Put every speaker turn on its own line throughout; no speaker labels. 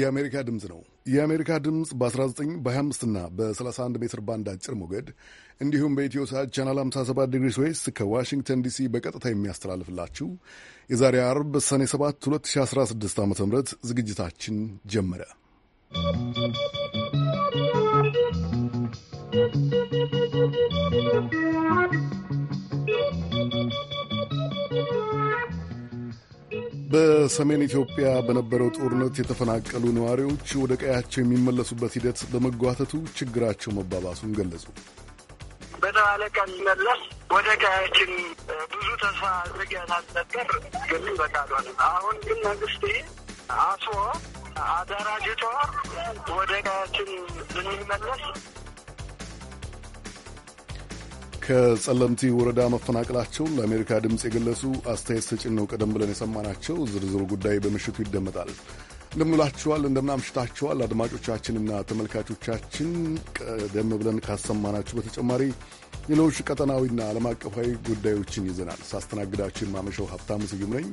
የአሜሪካ ድምፅ ነው። የአሜሪካ ድምፅ በ19 በ25 እና በ31 ሜትር ባንድ አጭር ሞገድ እንዲሁም በኢትዮ ሰዓት ቻናል 57 ዲግሪ ስዌስት ከዋሽንግተን ዲሲ በቀጥታ የሚያስተላልፍላችሁ የዛሬ አርብ ሰኔ 7 2016 ዓ ም ዝግጅታችን ጀመረ። በሰሜን ኢትዮጵያ በነበረው ጦርነት የተፈናቀሉ ነዋሪዎች ወደ ቀያቸው የሚመለሱበት ሂደት በመጓተቱ ችግራቸው መባባሱን ገለጹ።
በተባለ ቀን መለስ ወደ ቀያችን ብዙ ተስፋ አድርገናል ነበር፣ ግን በቃ አሁን ግን መንግስት አስቦ አደራጅቶ ወደ ቀያችን ልንመለስ
ከጸለምቲ ወረዳ መፈናቀላቸውን ለአሜሪካ ድምፅ የገለጹ አስተያየት ተጭነው ነው ቀደም ብለን የሰማናቸው። ዝርዝሩ ጉዳይ በምሽቱ ይደመጣል። እንደምንላችኋል እንደምናምሽታችኋል አድማጮቻችንና ተመልካቾቻችን ቀደም ብለን ካሰማናችሁ በተጨማሪ ሌሎች ቀጠናዊና ዓለም አቀፋዊ ጉዳዮችን ይዘናል። ሳስተናግዳችሁ የማመሸው ሀብታሙ ስዩም ነኝ።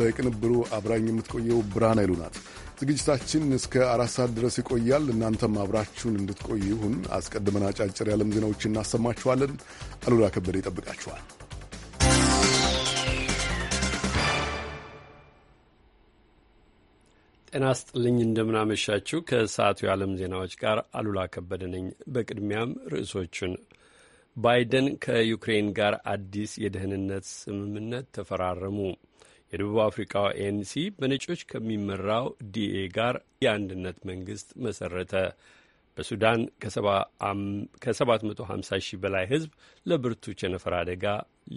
በቅንብሩ አብራኝ የምትቆየው ብርሃን አይሉ ናት። ዝግጅታችን እስከ አራት ሰዓት ድረስ ይቆያል። እናንተም አብራችሁን እንድትቆይ ይሁን። አስቀድመን አጫጭር የዓለም ዜናዎች እናሰማችኋለን። አሉላ ከበደ ይጠብቃችኋል።
ጤና ስጥልኝ እንደምናመሻችሁ። ከሰዓቱ የዓለም ዜናዎች ጋር አሉላ ከበደ ነኝ። በቅድሚያም ርዕሶቹን ባይደን ከዩክሬን ጋር አዲስ የደህንነት ስምምነት ተፈራረሙ። የደቡብ አፍሪካው ኤንሲ በነጮች ከሚመራው ዲኤ ጋር የአንድነት መንግስት መሰረተ። በሱዳን ከ750 ሺህ በላይ ህዝብ ለብርቱ ቸነፈር አደጋ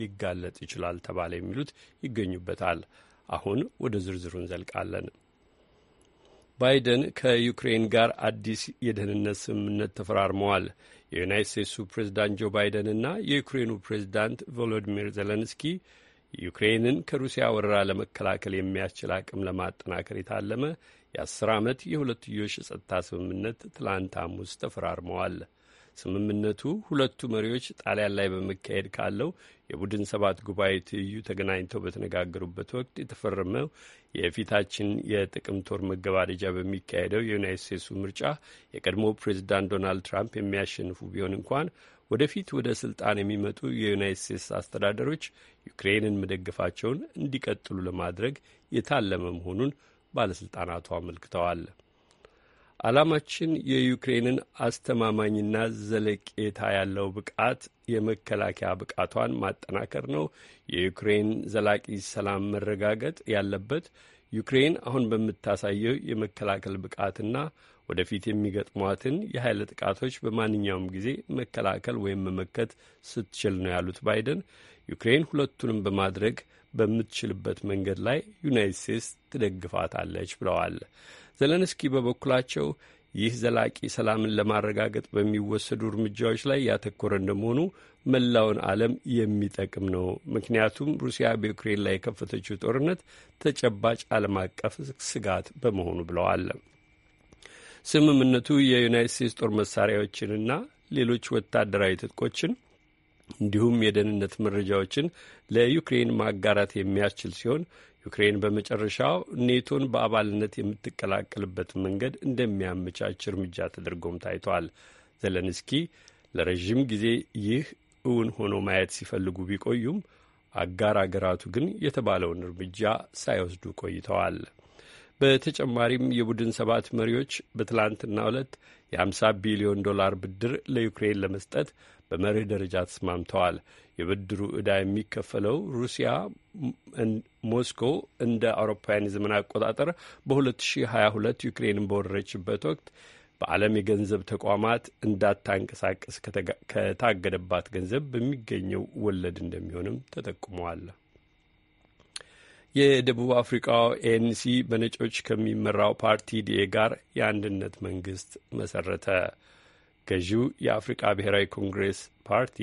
ሊጋለጥ ይችላል ተባለ። የሚሉት ይገኙበታል። አሁን ወደ ዝርዝሩ እንዘልቃለን። ባይደን ከዩክሬን ጋር አዲስ የደህንነት ስምምነት ተፈራርመዋል። የዩናይት ስቴትሱ ፕሬዝዳንት ጆ እና የዩክሬኑ ፕሬዝዳንት ቮሎዲሚር ዜሌንስኪ ዩክሬንን ከሩሲያ ወረራ ለመከላከል የሚያስችል አቅም ለማጠናከር የታለመ የአስር ዓመት የሁለትዮሽ የጸጥታ ስምምነት ትላንት ሐሙስ ተፈራርመዋል። ስምምነቱ ሁለቱ መሪዎች ጣሊያን ላይ በመካሄድ ካለው የቡድን ሰባት ጉባኤ ትይዩ ተገናኝተው በተነጋገሩበት ወቅት የተፈረመው የፊታችን የጥቅምት ወር መገባደጃ በሚካሄደው የዩናይት ስቴትሱ ምርጫ የቀድሞ ፕሬዚዳንት ዶናልድ ትራምፕ የሚያሸንፉ ቢሆን እንኳን ወደፊት ወደ ስልጣን የሚመጡ የዩናይት ስቴትስ አስተዳደሮች ዩክሬንን መደገፋቸውን እንዲቀጥሉ ለማድረግ የታለመ መሆኑን ባለሥልጣናቱ አመልክተዋል። ዓላማችን የዩክሬንን አስተማማኝና ዘለቄታ ያለው ብቃት የመከላከያ ብቃቷን ማጠናከር ነው። የዩክሬን ዘላቂ ሰላም መረጋገጥ ያለበት ዩክሬን አሁን በምታሳየው የመከላከል ብቃትና ወደፊት የሚገጥሟትን የኃይል ጥቃቶች በማንኛውም ጊዜ መከላከል ወይም መመከት ስትችል ነው ያሉት ባይደን ዩክሬን ሁለቱንም በማድረግ በምትችልበት መንገድ ላይ ዩናይት ስቴትስ ትደግፋታለች ብለዋል። ዘለንስኪ በበኩላቸው ይህ ዘላቂ ሰላምን ለማረጋገጥ በሚወሰዱ እርምጃዎች ላይ ያተኮረ እንደመሆኑ መላውን ዓለም የሚጠቅም ነው። ምክንያቱም ሩሲያ በዩክሬን ላይ የከፈተችው ጦርነት ተጨባጭ ዓለም አቀፍ ስጋት በመሆኑ ብለዋል። ስምምነቱ የዩናይት ስቴትስ ጦር መሳሪያዎችንና ሌሎች ወታደራዊ ትጥቆችን እንዲሁም የደህንነት መረጃዎችን ለዩክሬን ማጋራት የሚያስችል ሲሆን ዩክሬን በመጨረሻው ኔቶን በአባልነት የምትቀላቀልበትን መንገድ እንደሚያመቻች እርምጃ ተደርጎም ታይቷል። ዘለንስኪ ለረዥም ጊዜ ይህ እውን ሆኖ ማየት ሲፈልጉ ቢቆዩም አጋር አገራቱ ግን የተባለውን እርምጃ ሳይወስዱ ቆይተዋል። በተጨማሪም የቡድን ሰባት መሪዎች በትላንትና ዕለት የ50 ቢሊዮን ዶላር ብድር ለዩክሬን ለመስጠት በመርህ ደረጃ ተስማምተዋል። የብድሩ ዕዳ የሚከፈለው ሩሲያ ሞስኮ እንደ አውሮፓውያን የዘመን አቆጣጠር በ2022 ዩክሬንን በወረረችበት ወቅት በዓለም የገንዘብ ተቋማት እንዳታንቀሳቀስ ከታገደባት ገንዘብ በሚገኘው ወለድ እንደሚሆንም ተጠቁመዋል። የደቡብ አፍሪካው ኤንሲ በነጮች ከሚመራው ፓርቲ ዲኤ ጋር የአንድነት መንግስት መሰረተ። ገዢው የአፍሪቃ ብሔራዊ ኮንግሬስ ፓርቲ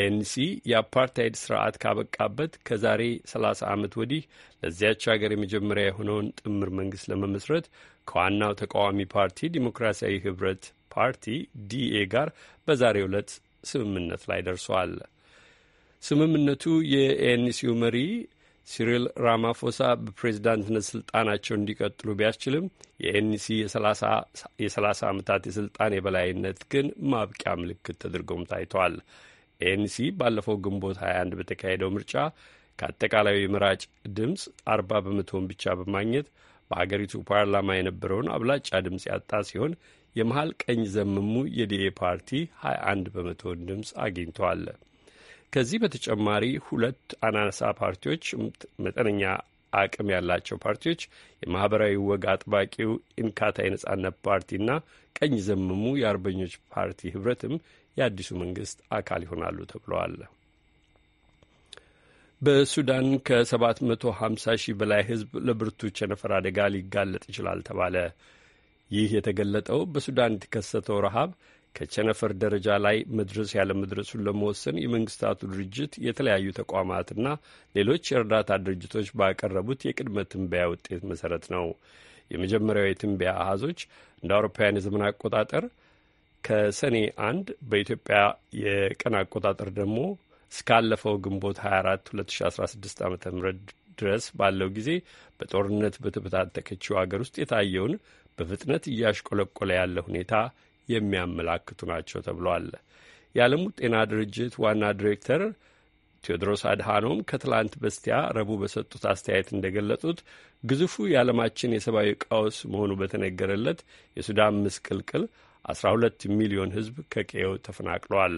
ኤንሲ የአፓርታይድ ስርዓት ካበቃበት ከዛሬ 30 ዓመት ወዲህ ለዚያች ሀገር የመጀመሪያ የሆነውን ጥምር መንግስት ለመመስረት ከዋናው ተቃዋሚ ፓርቲ ዲሞክራሲያዊ ህብረት ፓርቲ ዲኤ ጋር በዛሬ ዕለት ስምምነት ላይ ደርሷል። ስምምነቱ የኤንሲው መሪ ሲሪል ራማፎሳ በፕሬዝዳንትነት ስልጣናቸው እንዲቀጥሉ ቢያስችልም የኤንሲ የሰላሳ ዓመታት የስልጣን የበላይነት ግን ማብቂያ ምልክት ተደርጎም ታይቷል። ኤንሲ ባለፈው ግንቦት 21 በተካሄደው ምርጫ ከአጠቃላዩ ምራጭ ድምፅ 40 በመቶን ብቻ በማግኘት በሀገሪቱ ፓርላማ የነበረውን አብላጫ ድምፅ ያጣ ሲሆን የመሀል ቀኝ ዘመሙ የዲኤ ፓርቲ 21 በመቶን ድምፅ አግኝተዋል። ከዚህ በተጨማሪ ሁለት አናሳ ፓርቲዎች መጠነኛ አቅም ያላቸው ፓርቲዎች የማህበራዊ ወግ አጥባቂው ኢንካታ የነጻነት ፓርቲና ቀኝ ዘመሙ የአርበኞች ፓርቲ ህብረትም የአዲሱ መንግስት አካል ይሆናሉ ተብለዋል። በሱዳን ከ750 ሺህ በላይ ህዝብ ለብርቱ ቸነፈር አደጋ ሊጋለጥ ይችላል ተባለ። ይህ የተገለጠው በሱዳን የተከሰተው ረሃብ ከቸነፈር ደረጃ ላይ መድረስ ያለ መድረሱን ለመወሰን የመንግስታቱ ድርጅት የተለያዩ ተቋማትና ሌሎች የእርዳታ ድርጅቶች ባቀረቡት የቅድመ ትንበያ ውጤት መሰረት ነው። የመጀመሪያው የትንበያ አሃዞች እንደ አውሮፓውያን የዘመን አቆጣጠር ከሰኔ አንድ በኢትዮጵያ የቀን አቆጣጠር ደግሞ እስካለፈው ግንቦት 24 2016 ዓ ም ድረስ ባለው ጊዜ በጦርነት በተበታተከችው አገር ውስጥ የታየውን በፍጥነት እያሽቆለቆለ ያለ ሁኔታ የሚያመላክቱ ናቸው ተብሏል። የዓለሙ ጤና ድርጅት ዋና ዲሬክተር ቴዎድሮስ አድሃኖም ከትላንት በስቲያ ረቡዕ በሰጡት አስተያየት እንደገለጹት ግዙፉ የዓለማችን የሰብአዊ ቀውስ መሆኑ በተነገረለት የሱዳን ምስቅልቅል 12 ሚሊዮን ሕዝብ ከቀየው ተፈናቅሏል።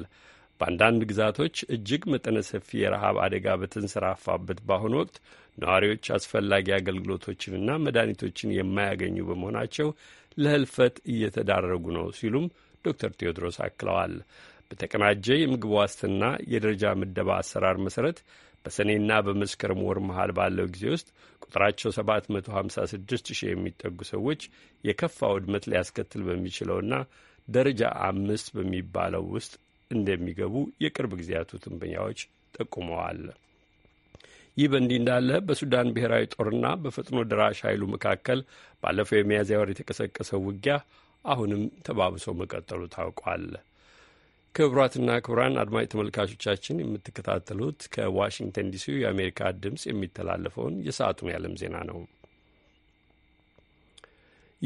በአንዳንድ ግዛቶች እጅግ መጠነ ሰፊ የረሃብ አደጋ በተንሰራፋበት በአሁኑ ወቅት ነዋሪዎች አስፈላጊ አገልግሎቶችንና መድኃኒቶችን የማያገኙ በመሆናቸው ለህልፈት እየተዳረጉ ነው ሲሉም ዶክተር ቴዎድሮስ አክለዋል። በተቀናጀ የምግብ ዋስትና የደረጃ ምደባ አሰራር መሠረት በሰኔና በመስከረም ወር መሃል ባለው ጊዜ ውስጥ ቁጥራቸው 756 ሺህ የሚጠጉ ሰዎች የከፋ ውድመት ሊያስከትል በሚችለውና ደረጃ አምስት በሚባለው ውስጥ እንደሚገቡ የቅርብ ጊዜያቱ ትንበኛዎች ጠቁመዋል። ይህ በእንዲህ እንዳለ በሱዳን ብሔራዊ ጦርና በፈጥኖ ደራሽ ኃይሉ መካከል ባለፈው የሚያዝያ ወር የተቀሰቀሰው ውጊያ አሁንም ተባብሶ መቀጠሉ ታውቋል። ክቡራትና ክቡራን አድማጭ ተመልካቾቻችን የምትከታተሉት ከዋሽንግተን ዲሲ የአሜሪካ ድምፅ የሚተላለፈውን የሰዓቱን የዓለም ዜና ነው።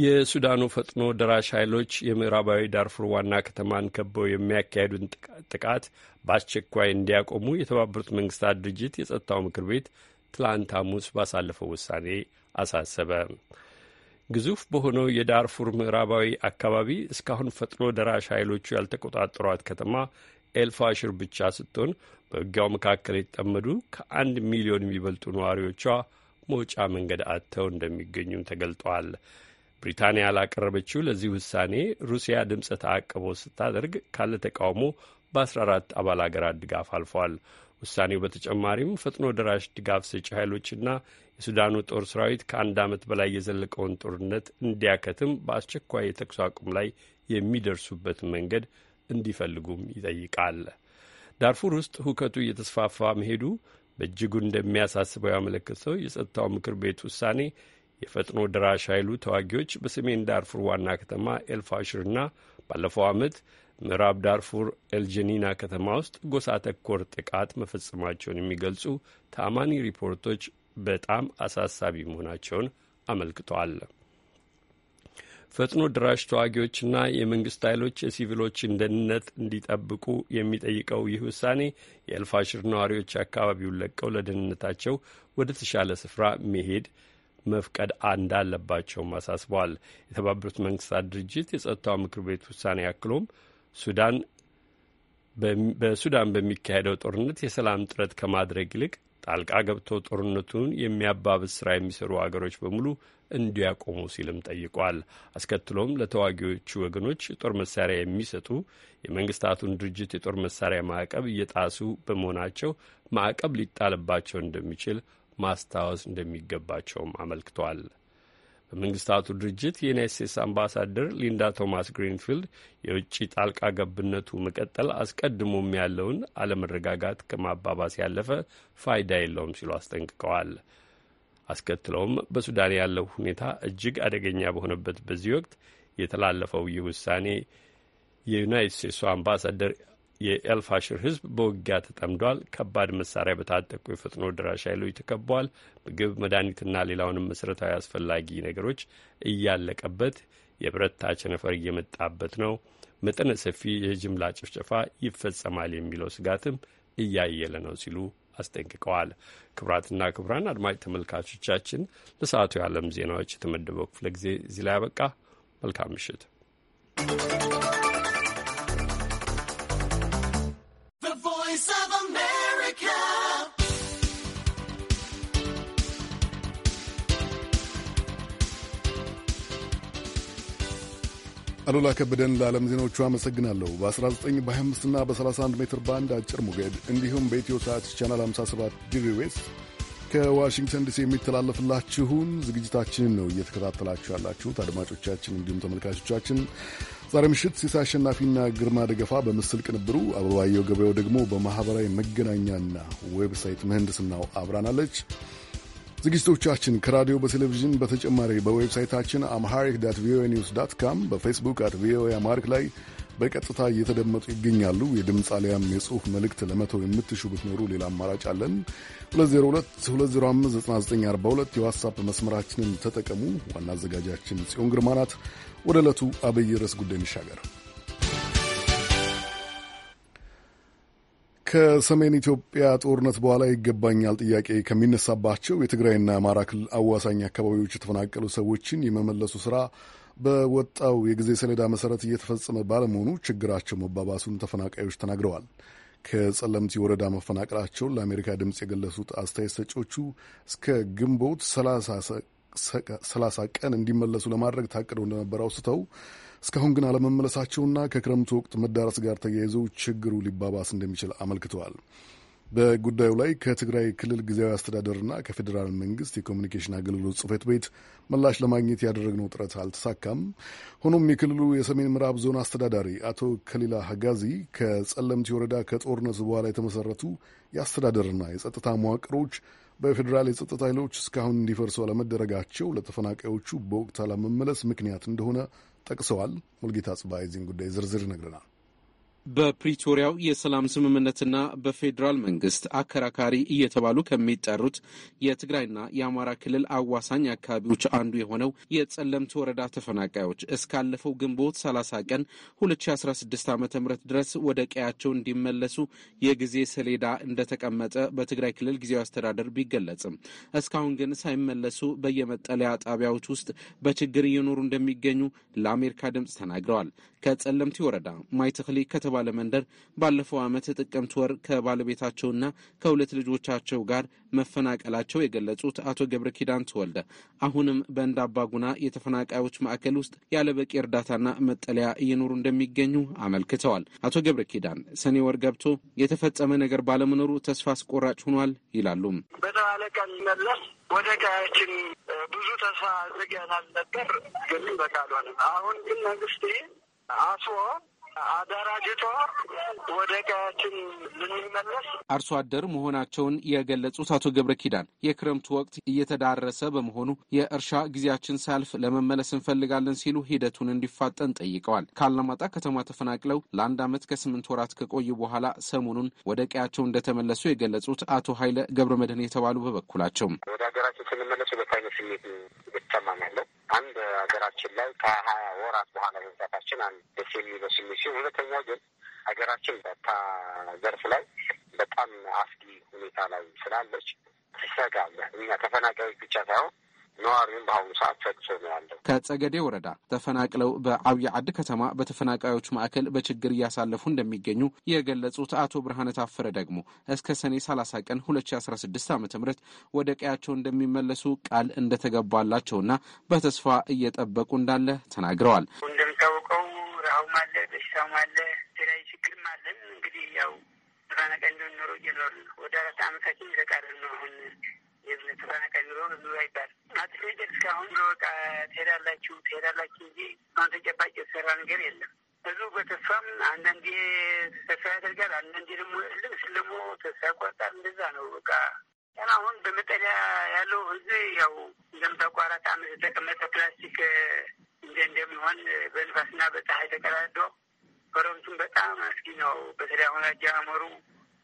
የሱዳኑ ፈጥኖ ደራሽ ኃይሎች የምዕራባዊ ዳርፉር ዋና ከተማን ከበው የሚያካሄዱን ጥቃት በአስቸኳይ እንዲያቆሙ የተባበሩት መንግስታት ድርጅት የጸጥታው ምክር ቤት ትላንት ሐሙስ ባሳለፈው ውሳኔ አሳሰበ። ግዙፍ በሆነው የዳርፉር ምዕራባዊ አካባቢ እስካሁን ፈጥኖ ደራሽ ኃይሎቹ ያልተቆጣጠሯት ከተማ ኤልፋሽር ብቻ ስትሆን በውጊያው መካከል የተጠመዱ ከአንድ ሚሊዮን የሚበልጡ ነዋሪዎቿ መውጫ መንገድ አጥተው እንደሚገኙም ተገልጠዋል። ብሪታንያ ላቀረበችው ለዚህ ውሳኔ ሩሲያ ድምፅ ተአቅቦ ስታደርግ ካለ ተቃውሞ በ14 አባል አገራት ድጋፍ አልፏል። ውሳኔው በተጨማሪም ፈጥኖ ደራሽ ድጋፍ ሰጪ ኃይሎችና የሱዳኑ ጦር ሰራዊት ከአንድ ዓመት በላይ የዘለቀውን ጦርነት እንዲያከትም በአስቸኳይ የተኩስ አቁም ላይ የሚደርሱበትን መንገድ እንዲፈልጉም ይጠይቃል። ዳርፉር ውስጥ ሁከቱ እየተስፋፋ መሄዱ በእጅጉ እንደሚያሳስበው ያመለከተው የጸጥታው ምክር ቤት ውሳኔ የፈጥኖ ድራሽ ኃይሉ ተዋጊዎች በሰሜን ዳርፉር ዋና ከተማ ኤልፋሽርና ባለፈው ዓመት ምዕራብ ዳርፉር ኤልጀኒና ከተማ ውስጥ ጎሳ ተኮር ጥቃት መፈጸማቸውን የሚገልጹ ታማኒ ሪፖርቶች በጣም አሳሳቢ መሆናቸውን አመልክተዋል። ፈጥኖ ድራሽ ተዋጊዎችና የመንግስት ኃይሎች የሲቪሎችን ደህንነት እንዲጠብቁ የሚጠይቀው ይህ ውሳኔ የኤልፋሽር ነዋሪዎች አካባቢውን ለቀው ለደህንነታቸው ወደ ተሻለ ስፍራ መሄድ መፍቀድ እንዳለባቸውም አሳስበዋል። የተባበሩት መንግስታት ድርጅት የጸጥታው ምክር ቤት ውሳኔ ያክሎም ሱዳን በሱዳን በሚካሄደው ጦርነት የሰላም ጥረት ከማድረግ ይልቅ ጣልቃ ገብቶ ጦርነቱን የሚያባብስ ስራ የሚሰሩ አገሮች በሙሉ እንዲያቆሙ ሲልም ጠይቋል። አስከትሎም ለተዋጊዎቹ ወገኖች የጦር መሳሪያ የሚሰጡ የመንግስታቱን ድርጅት የጦር መሳሪያ ማዕቀብ እየጣሱ በመሆናቸው ማዕቀብ ሊጣልባቸው እንደሚችል ማስታወስ እንደሚገባቸውም አመልክቷል። በመንግስታቱ ድርጅት የዩናይት ስቴትስ አምባሳደር ሊንዳ ቶማስ ግሪንፊልድ የውጭ ጣልቃ ገብነቱ መቀጠል አስቀድሞም ያለውን አለመረጋጋት ከማባባስ ያለፈ ፋይዳ የለውም ሲሉ አስጠንቅቀዋል። አስከትለውም በሱዳን ያለው ሁኔታ እጅግ አደገኛ በሆነበት በዚህ ወቅት የተላለፈው ይህ ውሳኔ የዩናይት ስቴትሱ አምባሳደር የኤልፋሽር ህዝብ በውጊያ ተጠምዷል። ከባድ መሳሪያ በታጠቁ የፈጥኖ ደራሽ ኃይሎች ተከቧል። ምግብ፣ መድኃኒትና ሌላውንም መሰረታዊ አስፈላጊ ነገሮች እያለቀበት የብረታ ቸነፈር እየመጣበት ነው። መጠነ ሰፊ የጅምላ ጭፍጨፋ ይፈጸማል የሚለው ስጋትም እያየለ ነው ሲሉ አስጠንቅቀዋል። ክቡራትና ክቡራን አድማጭ ተመልካቾቻችን ለሰዓቱ የዓለም ዜናዎች የተመደበው ክፍለ ጊዜ እዚህ ላይ ያበቃ። መልካም ምሽት።
አሉላ ከበደን ለዓለም ዜናዎቹ አመሰግናለሁ። በ19 በ25ና በ31 ሜትር ባንድ አጭር ሞገድ እንዲሁም በኢትዮ ሰዓት ቻናል 57 ዲቪዌስ ከዋሽንግተን ዲሲ የሚተላለፍላችሁን ዝግጅታችንን ነው እየተከታተላችሁ ያላችሁት አድማጮቻችን፣ እንዲሁም ተመልካቾቻችን። ዛሬ ምሽት ሲሳ አሸናፊና ግርማ ደገፋ በምስል ቅንብሩ፣ አበባየው ገበያው ደግሞ በማኅበራዊ መገናኛና ዌብሳይት ምህንድስናው አብራናለች። ዝግጅቶቻችን ከራዲዮ በቴሌቪዥን በተጨማሪ በዌብሳይታችን አምሃሪክ ዳት ቪኦኤ ኒውስ ዳት ካም በፌስቡክ አት ቪኦኤ አማሪክ ላይ በቀጥታ እየተደመጡ ይገኛሉ። የድምፅ አሊያም የጽሁፍ መልእክት ለመተው የምትሹ ብትኖሩ ሌላ አማራጭ አለን። 2022059942 የዋትሳፕ መስመራችንን ተጠቀሙ። ዋና አዘጋጃችን ጽዮን ግርማ ናት። ወደ ዕለቱ አብይ ርዕስ ጉዳይ እንሻገር። ከሰሜን ኢትዮጵያ ጦርነት በኋላ ይገባኛል ጥያቄ ከሚነሳባቸው የትግራይና አማራ ክልል አዋሳኝ አካባቢዎች የተፈናቀሉ ሰዎችን የመመለሱ ስራ በወጣው የጊዜ ሰሌዳ መሰረት እየተፈጸመ ባለመሆኑ ችግራቸው መባባሱን ተፈናቃዮች ተናግረዋል። ከጸለምቲ ወረዳ መፈናቀላቸውን ለአሜሪካ ድምፅ የገለጹት አስተያየት ሰጪዎቹ እስከ ግንቦት ሰላሳ ቀን እንዲመለሱ ለማድረግ ታቅደው እንደነበረ አውስተው እስካሁን ግን አለመመለሳቸውና ከክረምቱ ወቅት መዳረስ ጋር ተያይዘው ችግሩ ሊባባስ እንደሚችል አመልክተዋል። በጉዳዩ ላይ ከትግራይ ክልል ጊዜያዊ አስተዳደርና ከፌዴራል መንግስት የኮሚኒኬሽን አገልግሎት ጽሕፈት ቤት ምላሽ ለማግኘት ያደረግነው ጥረት አልተሳካም። ሆኖም የክልሉ የሰሜን ምዕራብ ዞን አስተዳዳሪ አቶ ከሊላ ሀጋዚ ከጸለምቲ ወረዳ ከጦርነቱ በኋላ የተመሰረቱ የአስተዳደርና የጸጥታ መዋቅሮች በፌዴራል የጸጥታ ኃይሎች እስካሁን እንዲፈርሱ አለመደረጋቸው ለተፈናቃዮቹ በወቅት አለመመለስ ምክንያት እንደሆነ ጠቅሰዋል። ሙልጌታ ጽባይ የዚህን ጉዳይ ዝርዝር ይነግረናል።
በፕሪቶሪያው የሰላም ስምምነትና በፌዴራል መንግስት አከራካሪ እየተባሉ ከሚጠሩት የትግራይና የአማራ ክልል አዋሳኝ አካባቢዎች አንዱ የሆነው የጸለምት ወረዳ ተፈናቃዮች እስካለፈው ግንቦት 30 ቀን 2016 ዓ ም ድረስ ወደ ቀያቸው እንዲመለሱ የጊዜ ሰሌዳ እንደተቀመጠ በትግራይ ክልል ጊዜያዊ አስተዳደር ቢገለጽም እስካሁን ግን ሳይመለሱ በየመጠለያ ጣቢያዎች ውስጥ በችግር እየኖሩ እንደሚገኙ ለአሜሪካ ድምፅ ተናግረዋል። ከጸለምቲ ወረዳ ማይትክሊ ከተማ በተባለ መንደር ባለፈው ዓመት ጥቅምት ወር ከባለቤታቸውና ከሁለት ልጆቻቸው ጋር መፈናቀላቸው የገለጹት አቶ ገብረ ኪዳን ተወልደ አሁንም በእንዳባ ጉና የተፈናቃዮች ማዕከል ውስጥ ያለበቂ እርዳታና መጠለያ እየኖሩ እንደሚገኙ አመልክተዋል። አቶ ገብረ ኪዳን ሰኔ ወር ገብቶ የተፈጸመ ነገር ባለመኖሩ ተስፋ አስቆራጭ ሆኗል ይላሉ።
በተባለ ቀን መለስ ወደ ቀያችን ብዙ ተስፋ ዘግተናል ነበር፣ ግን በቃ አሁን ግን መንግስቴ አስቦ አደራጅቷ ወደ ቀያችን ልንመለስ
አርሶ አደር መሆናቸውን የገለጹት አቶ ገብረ ኪዳን የክረምቱ ወቅት እየተዳረሰ በመሆኑ የእርሻ ጊዜያችን ሳያልፍ ለመመለስ እንፈልጋለን ሲሉ ሂደቱን እንዲፋጠን ጠይቀዋል። ከአላማጣ ከተማ ተፈናቅለው ለአንድ ዓመት ከስምንት ወራት ከቆዩ በኋላ ሰሞኑን ወደ ቀያቸው እንደተመለሱ የገለጹት አቶ ኃይለ ገብረ መድህን የተባሉ በበኩላቸው ወደ ሀገራችን ስንመለሱ
በታኛ ስሜት ያለው አንድ ሀገራችን ላይ ከሀያ ወራት በኋላ መምጣታችን አንድ ደስ የሚለው ስሜት ሲሆን፣ ሁለተኛው ግን ሀገራችን በታ ዘርፍ ላይ በጣም አስጊ ሁኔታ ላይ ስላለች ትሰጋለህ። እኛ ተፈናቃዮች ብቻ ሳይሆን ነዋሪውን በአሁኑ ሰዓት ፈቅስ
ነው ያለው። ከጸገዴ ወረዳ ተፈናቅለው በአብይ አድ ከተማ በተፈናቃዮች ማዕከል በችግር እያሳለፉ እንደሚገኙ የገለጹት አቶ ብርሃነ ታፈረ ደግሞ እስከ ሰኔ 30 ቀን 2016 ዓ ም ወደ ቀያቸው እንደሚመለሱ ቃል እንደተገባላቸውና በተስፋ እየጠበቁ እንዳለ ተናግረዋል። እንደምታወቀው ረሃውም አለ፣ በሽታውም አለ፣ ተለያዩ ችግርም
አለን። እንግዲህ ያው ተፈናቀ እንደሆን ኖሮ እየኖር ወደ አራት አመታችን ተቃረን ነው አሁን የህዝብ ተፈናቃይ ኑሮ ህዝብ አይባል እስካሁን በቃ ትሄዳላችሁ ትሄዳላችሁ እንጂ አሁን ተጨባጭ የተሰራ ነገር የለም። ህዝቡ በተስፋም አንዳንዴ ተስፋ ያደርጋል፣ አንዳንዴ ደግሞ ልብስ ደግሞ ተስፋ ያቋርጣል። እንደዛ ነው በቃ ቀን አሁን በመጠለያ ያለው ህዝብ ያው እንደምታውቁ አራት አመት የተቀመጠ ፕላስቲክ እንደ እንደሚሆን በንፋስና በፀሐይ ተቀዳዶ ክረምቱም በጣም አስጊ ነው። በተለይ አሁን አጀማመሩ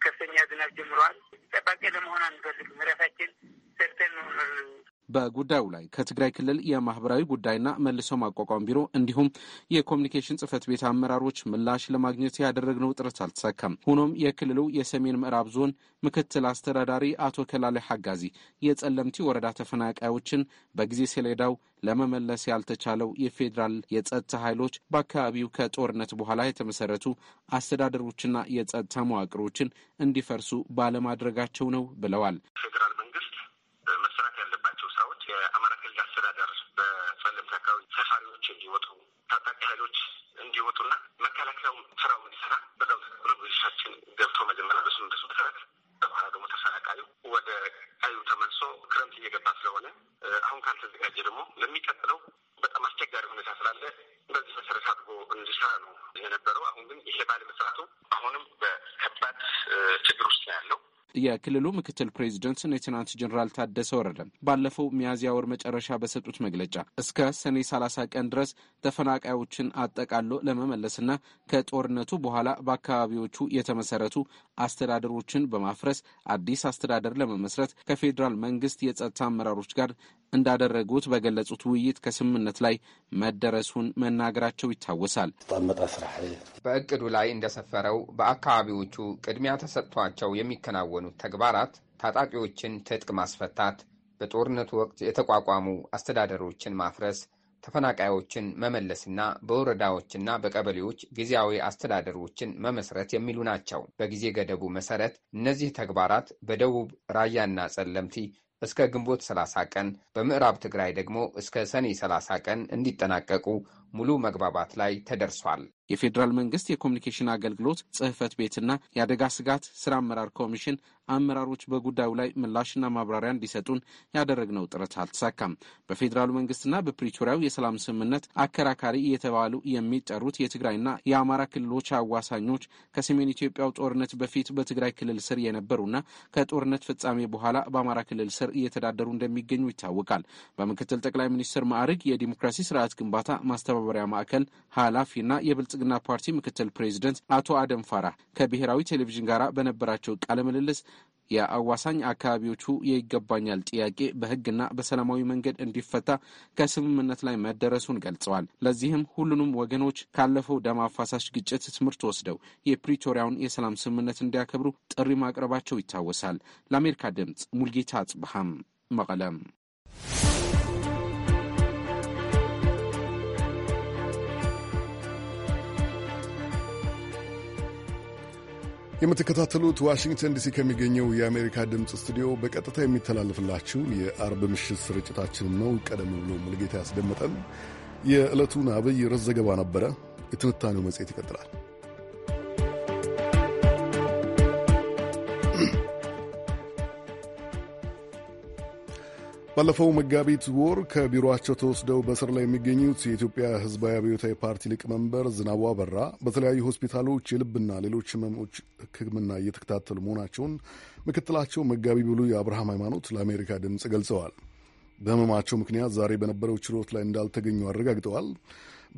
ከፍተኛ
ዝናብ ጀምሯል። ጠባቂ ለመሆን አንፈልግም። ራሳችን በጉዳዩ ላይ ከትግራይ ክልል የማህበራዊ ጉዳይና መልሶ ማቋቋም ቢሮ እንዲሁም የኮሚኒኬሽን ጽህፈት ቤት አመራሮች ምላሽ ለማግኘት ያደረግነው ጥረት አልተሳካም። ሆኖም የክልሉ የሰሜን ምዕራብ ዞን ምክትል አስተዳዳሪ አቶ ከላለ ሐጋዚ የጸለምቲ ወረዳ ተፈናቃዮችን በጊዜ ሰሌዳው ለመመለስ ያልተቻለው የፌዴራል የጸጥታ ኃይሎች በአካባቢው ከጦርነት በኋላ የተመሰረቱ አስተዳደሮችና የጸጥታ መዋቅሮችን እንዲፈርሱ ባለማድረጋቸው ነው ብለዋል። ፌዴራል መንግስት በአማራ ክልል አስተዳደር በጸለምት አካባቢ ሰፋሪዎች እንዲወጡ ታጣቂ ኃይሎች እንዲወጡና መከላከያው ስራው እንዲሰራ በዛው ሪጉሻችን ገብቶ መጀመሪያ በስምምነቱ መሰረት በኋላ ደግሞ ተፈናቃዩ ወደ ቀዩ ተመልሶ ክረምት እየገባ ስለሆነ አሁን ካልተዘጋጀ ደግሞ ለሚቀጥለው በጣም አስቸጋሪ ሁኔታ ስላለ በዚህ መሰረት አድርጎ እንዲሰራ ነው የነበረው። አሁን ግን ይሄ ባለመስራቱ አሁንም በከባድ ችግር ውስጥ ነው ያለው። የክልሉ ምክትል ፕሬዚደንት ሌተናንት ጀኔራል ታደሰ ወረደ ባለፈው ሚያዝያ ወር መጨረሻ በሰጡት መግለጫ እስከ ሰኔ 30 ቀን ድረስ ተፈናቃዮችን አጠቃሎ ለመመለስና ከጦርነቱ በኋላ በአካባቢዎቹ የተመሰረቱ አስተዳደሮችን በማፍረስ አዲስ አስተዳደር ለመመስረት ከፌዴራል መንግስት የጸጥታ አመራሮች ጋር እንዳደረጉት በገለጹት ውይይት ከስምምነት ላይ መደረሱን መናገራቸው ይታወሳል።
በእቅዱ ላይ እንደሰፈረው በአካባቢዎቹ ቅድሚያ ተሰጥቷቸው የሚከናወኑት ተግባራት ታጣቂዎችን ትጥቅ ማስፈታት፣ በጦርነቱ ወቅት የተቋቋሙ አስተዳደሮችን ማፍረስ፣ ተፈናቃዮችን መመለስና በወረዳዎችና በቀበሌዎች ጊዜያዊ አስተዳደሮችን መመስረት የሚሉ ናቸው። በጊዜ ገደቡ መሰረት እነዚህ ተግባራት በደቡብ ራያና ጸለምቲ እስከ ግንቦት 30 ቀን በምዕራብ ትግራይ ደግሞ
እስከ ሰኔ 30 ቀን እንዲጠናቀቁ ሙሉ መግባባት ላይ ተደርሷል። የፌዴራል መንግስት የኮሚኒኬሽን አገልግሎት ጽህፈት ቤትና የአደጋ ስጋት ስራ አመራር ኮሚሽን አመራሮች በጉዳዩ ላይ ምላሽና ማብራሪያ እንዲሰጡን ያደረግነው ጥረት አልተሳካም። በፌዴራሉ መንግስትና በፕሪቶሪያው የሰላም ስምምነት አከራካሪ እየተባሉ የሚጠሩት የትግራይና የአማራ ክልሎች አዋሳኞች ከሰሜን ኢትዮጵያው ጦርነት በፊት በትግራይ ክልል ስር የነበሩና ከጦርነት ፍጻሜ በኋላ በአማራ ክልል ስር እየተዳደሩ እንደሚገኙ ይታወቃል። በምክትል ጠቅላይ ሚኒስትር ማዕረግ የዲሞክራሲ ስርዓት ግንባታ ማስተባ ማስተባበሪያ ማዕከል ኃላፊና የብልጽግና ፓርቲ ምክትል ፕሬዚደንት አቶ አደም ፋራህ ከብሔራዊ ቴሌቪዥን ጋር በነበራቸው ቃለ ምልልስ የአዋሳኝ አካባቢዎቹ የይገባኛል ጥያቄ በሕግና በሰላማዊ መንገድ እንዲፈታ ከስምምነት ላይ መደረሱን ገልጸዋል። ለዚህም ሁሉንም ወገኖች ካለፈው ደም አፋሳሽ ግጭት ትምህርት ወስደው የፕሪቶሪያውን የሰላም ስምምነት እንዲያከብሩ ጥሪ ማቅረባቸው ይታወሳል። ለአሜሪካ ድምፅ ሙልጌታ አጽብሃም መቀለም
የምትከታተሉት ዋሽንግተን ዲሲ ከሚገኘው የአሜሪካ ድምፅ ስቱዲዮ በቀጥታ የሚተላለፍላችሁን የአርብ ምሽት ስርጭታችን ነው። ቀደም ብሎ ሙልጌታ ያስደመጠን የዕለቱን አብይ ርዕስ ዘገባ ነበረ። የትንታኔው መጽሔት ይቀጥላል። ባለፈው መጋቢት ወር ከቢሮቸው ተወስደው በስር ላይ የሚገኙት የኢትዮጵያ ሕዝባዊ አብዮታዊ ፓርቲ ሊቀመንበር ዝናቡ አበራ በተለያዩ ሆስፒታሎች የልብና ሌሎች ህመሞች ሕክምና እየተከታተሉ መሆናቸውን ምክትላቸው መጋቢ ብሉይ አብርሃም ሃይማኖት ለአሜሪካ ድምፅ ገልጸዋል። በህመማቸው ምክንያት ዛሬ በነበረው ችሎት ላይ እንዳልተገኙ አረጋግጠዋል።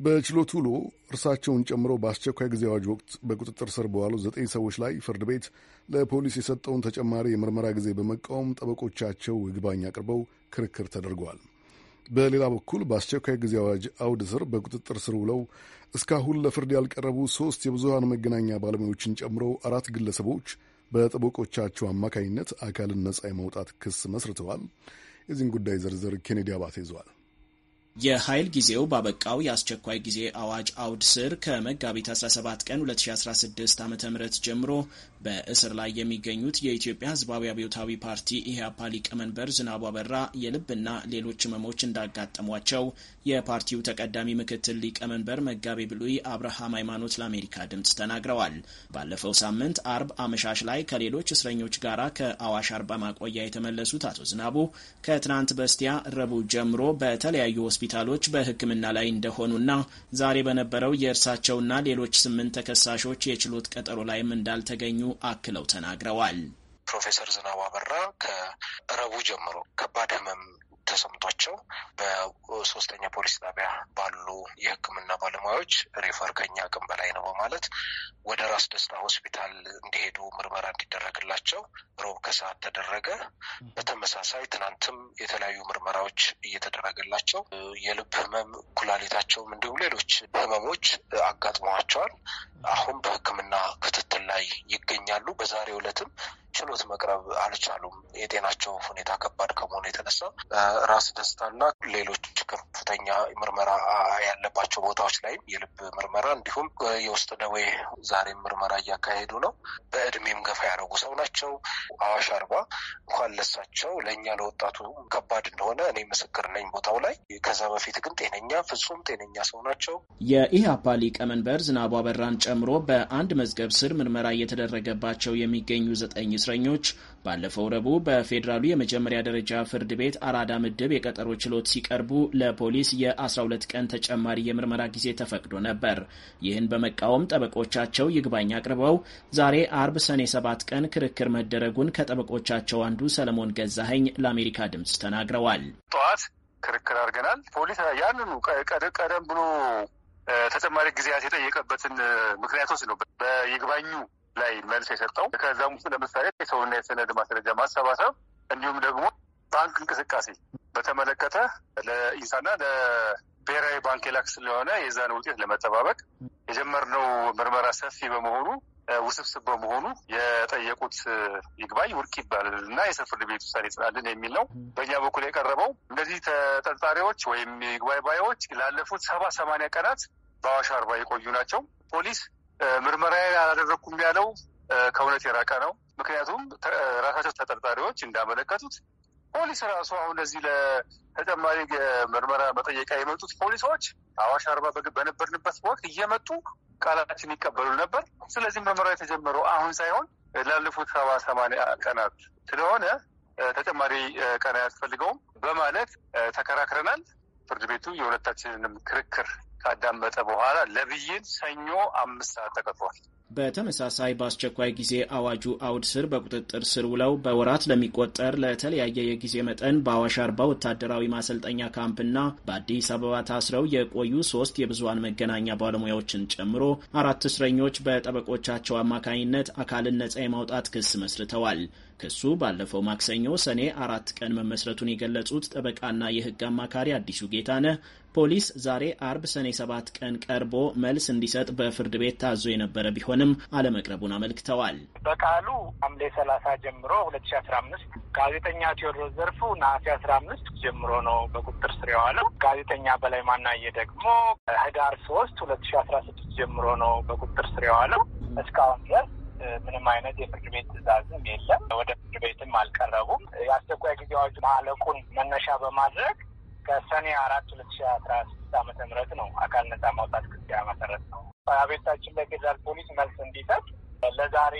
በችሎት ውሎ እርሳቸውን ጨምሮ በአስቸኳይ ጊዜ አዋጅ ወቅት በቁጥጥር ስር በዋሉ ዘጠኝ ሰዎች ላይ ፍርድ ቤት ለፖሊስ የሰጠውን ተጨማሪ የምርመራ ጊዜ በመቃወም ጠበቆቻቸው ይግባኝ አቅርበው ክርክር ተደርገዋል። በሌላ በኩል በአስቸኳይ ጊዜ አዋጅ አውድ ስር በቁጥጥር ስር ውለው እስካሁን ለፍርድ ያልቀረቡ ሶስት የብዙሃን መገናኛ ባለሙያዎችን ጨምሮ አራት ግለሰቦች በጠበቆቻቸው አማካኝነት አካልን ነጻ የማውጣት ክስ መስርተዋል። የዚህን ጉዳይ ዝርዝር ኬኔዲ አባት ይዘዋል።
የኃይል ጊዜው ባበቃው የአስቸኳይ ጊዜ አዋጅ አውድ ስር ከመጋቢት 17 ቀን 2016 ዓ ም ጀምሮ በእስር ላይ የሚገኙት የኢትዮጵያ ህዝባዊ አብዮታዊ ፓርቲ ኢህአፓ ሊቀመንበር ዝናቡ አበራ የልብና ሌሎች ህመሞች እንዳጋጠሟቸው የፓርቲው ተቀዳሚ ምክትል ሊቀመንበር መጋቤ ብሉይ አብርሃም ሃይማኖት ለአሜሪካ ድምፅ ተናግረዋል። ባለፈው ሳምንት አርብ አመሻሽ ላይ ከሌሎች እስረኞች ጋራ ከአዋሽ አርባ ማቆያ የተመለሱት አቶ ዝናቡ ከትናንት በስቲያ ረቡዕ ጀምሮ በተለያዩ ሆስፒታሎች በህክምና ላይ እንደሆኑና ዛሬ በነበረው የእርሳቸውና ሌሎች ስምንት ተከሳሾች የችሎት ቀጠሮ ላይም እንዳልተገኙ አክለው ተናግረዋል።
ፕሮፌሰር ዝናቡ አበራ ከረቡ ጀምሮ ከባድ ህመም ተሰምቷቸው በሶስተኛ ፖሊስ ጣቢያ ባሉ የሕክምና ባለሙያዎች ሬፈር ከኛ አቅም በላይ ነው በማለት ወደ ራስ ደስታ ሆስፒታል እንዲሄዱ ምርመራ እንዲደረግላቸው ሮብ ከሰዓት ተደረገ። በተመሳሳይ ትናንትም የተለያዩ ምርመራዎች እየተደረገላቸው የልብ ህመም፣ ኩላሊታቸውም እንዲሁም ሌሎች ህመሞች አጋጥመዋቸዋል። አሁን በሕክምና ክትትል ላይ ይገኛሉ። በዛሬው ዕለትም ችሎት መቅረብ አልቻሉም። የጤናቸው ሁኔታ ከባድ ከመሆኑ የተነሳ ራስ ደስታና ሌሎች ከፍተኛ ምርመራ ያለባቸው ቦታዎች ላይም የልብ ምርመራ እንዲሁም የውስጥ ደዌ ዛሬም ምርመራ እያካሄዱ ነው። በእድሜም ገፋ ያደረጉ ሰው ናቸው። አዋሽ አርባ እንኳን ለሳቸው ለእኛ ለወጣቱ ከባድ እንደሆነ እኔ ምስክር ነኝ ቦታው ላይ። ከዛ በፊት ግን ጤነኛ ፍጹም ጤነኛ
ሰው ናቸው። የኢህአፓ ሊቀመንበር ዝናቡ አበራን ጨምሮ በአንድ መዝገብ ስር ምርመራ እየተደረገባቸው የሚገኙ ዘጠኝ እስረኞች ባለፈው ረቡዕ በፌዴራሉ የመጀመሪያ ደረጃ ፍርድ ቤት አራዳ ምድብ የቀጠሮ ችሎት ሲቀርቡ ለፖሊስ የ12 ቀን ተጨማሪ የምርመራ ጊዜ ተፈቅዶ ነበር። ይህን በመቃወም ጠበቆቻቸው ይግባኝ አቅርበው ዛሬ አርብ ሰኔ 7 ቀን ክርክር መደረጉን ከጠበቆቻቸው አንዱ ሰለሞን ገዛኸኝ ለአሜሪካ ድምፅ ተናግረዋል። ጠዋት ክርክር አድርገናል። ፖሊስ ያንኑ ቀደም
ብሎ ተጨማሪ ጊዜያት የጠየቀበትን ምክንያቶች ነው በይግባኙ ላይ መልስ የሰጠው ከዛም ውስጥ ለምሳሌ የሰውና የሰነድ ማስረጃ ማሰባሰብ እንዲሁም ደግሞ ባንክ እንቅስቃሴ በተመለከተ ለኢንሳና ለብሔራዊ ባንክ የላክ ስለሆነ የዛን ውጤት ለመጠባበቅ የጀመርነው ምርመራ ሰፊ በመሆኑ ውስብስብ በመሆኑ የጠየቁት ይግባኝ ውድቅ ይባላል እና የስር ፍርድ ቤት ውሳኔ ይጽናልን የሚል ነው። በእኛ በኩል የቀረበው እነዚህ ተጠርጣሪዎች ወይም ይግባኝ ባዮች ላለፉት ሰባ ሰማንያ ቀናት በአዋሽ አርባ የቆዩ ናቸው። ፖሊስ ምርመራ አላደረግኩም ያለው ከእውነት የራቀ ነው። ምክንያቱም ራሳቸው ተጠርጣሪዎች እንዳመለከቱት ፖሊስ ራሱ አሁን እዚህ ለተጨማሪ ምርመራ መጠየቂያ የመጡት ፖሊሶች አዋሽ አርባ በነበርንበት ወቅት እየመጡ ቃላችን ይቀበሉ ነበር። ስለዚህ ምርመራ የተጀመረው አሁን ሳይሆን ላለፉት ሰባ ሰማንያ ቀናት ስለሆነ ተጨማሪ ቀን አያስፈልገውም በማለት ተከራክረናል። ፍርድ ቤቱ የሁለታችንንም ክርክር ካዳመጠ በኋላ ለብይን ሰኞ አምስት ሰዓት ተቀጥሯል።
በተመሳሳይ በአስቸኳይ ጊዜ አዋጁ አውድ ስር በቁጥጥር ስር ውለው በወራት ለሚቆጠር ለተለያየ የጊዜ መጠን በአዋሽ አርባ ወታደራዊ ማሰልጠኛ ካምፕና በአዲስ አበባ ታስረው የቆዩ ሶስት የብዙሃን መገናኛ ባለሙያዎችን ጨምሮ አራት እስረኞች በጠበቆቻቸው አማካኝነት አካልን ነጻ የማውጣት ክስ መስርተዋል። ክሱ ባለፈው ማክሰኞ ሰኔ አራት ቀን መመስረቱን የገለጹት ጠበቃና የህግ አማካሪ አዲሱ ጌታነህ ፖሊስ ዛሬ አርብ ሰኔ ሰባት ቀን ቀርቦ መልስ እንዲሰጥ በፍርድ ቤት ታዞ የነበረ ቢሆንም አለመቅረቡን አመልክተዋል።
በቃሉ ሐምሌ ሰላሳ ጀምሮ ሁለት ሺ አስራ አምስት ጋዜጠኛ ቴዎድሮስ ዘርፉ ነሐሴ አስራ አምስት ጀምሮ ነው በቁጥር ስር የዋለው። ጋዜጠኛ በላይ ማናየ ደግሞ ህዳር ሶስት ሁለት ሺ አስራ ስድስት ጀምሮ ነው በቁጥር ስር የዋለው እስካሁን ድረስ ምንም አይነት የፍርድ ቤት ትዕዛዝም የለም። ወደ ፍርድ ቤትም አልቀረቡም። የአስቸኳይ ጊዜ አዋጁ ማለቁን መነሻ በማድረግ ከሰኔ አራት ሁለት ሺ አስራ ስድስት ዓመተ ምህረት ነው አካል ነጻ ማውጣት ክስያ መሰረት ነው አቤታችን ለፌዴራል ፖሊስ መልስ እንዲሰጥ ለዛሬ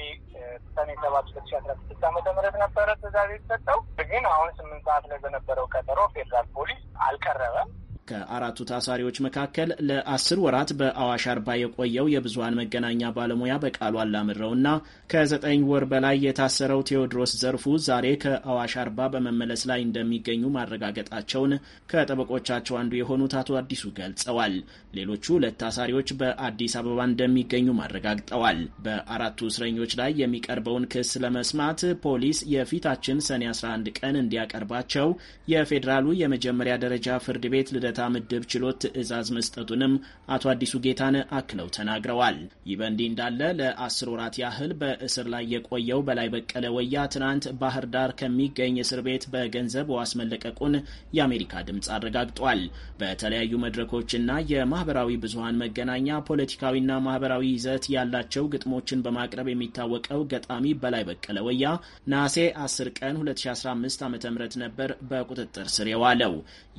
ሰኔ ሰባት ሁለት ሺ አስራ ስድስት ዓመተ ምህረት ነበረ ትዕዛዝ የተሰጠው። ግን አሁን ስምንት ሰዓት ላይ በነበረው ቀጠሮ ፌዴራል ፖሊስ አልቀረበም።
ከአራቱ ታሳሪዎች መካከል ለአስር ወራት በአዋሽ አርባ የቆየው የብዙሀን መገናኛ ባለሙያ በቃሉ አላምረውና ከዘጠኝ ወር በላይ የታሰረው ቴዎድሮስ ዘርፉ ዛሬ ከአዋሽ አርባ በመመለስ ላይ እንደሚገኙ ማረጋገጣቸውን ከጠበቆቻቸው አንዱ የሆኑት አቶ አዲሱ ገልጸዋል። ሌሎቹ ሁለት ታሳሪዎች በአዲስ አበባ እንደሚገኙ ማረጋግጠዋል። በአራቱ እስረኞች ላይ የሚቀርበውን ክስ ለመስማት ፖሊስ የፊታችን ሰኔ 11 ቀን እንዲያቀርባቸው የፌዴራሉ የመጀመሪያ ደረጃ ፍርድ ቤት ልደ የልደታ ምድብ ችሎት ትዕዛዝ መስጠቱንም አቶ አዲሱ ጌታነ አክለው ተናግረዋል። ይህ በእንዲህ እንዳለ ለአስር ወራት ያህል በእስር ላይ የቆየው በላይ በቀለ ወያ ትናንት ባህር ዳር ከሚገኝ እስር ቤት በገንዘብ ዋስ መለቀቁን የአሜሪካ ድምፅ አረጋግጧል። በተለያዩ መድረኮችና የማህበራዊ ብዙሀን መገናኛ ፖለቲካዊና ማህበራዊ ይዘት ያላቸው ግጥሞችን በማቅረብ የሚታወቀው ገጣሚ በላይ በቀለ ወያ ነሐሴ 10 ቀን 2015 ዓ ም ነበር በቁጥጥር ስር የዋለው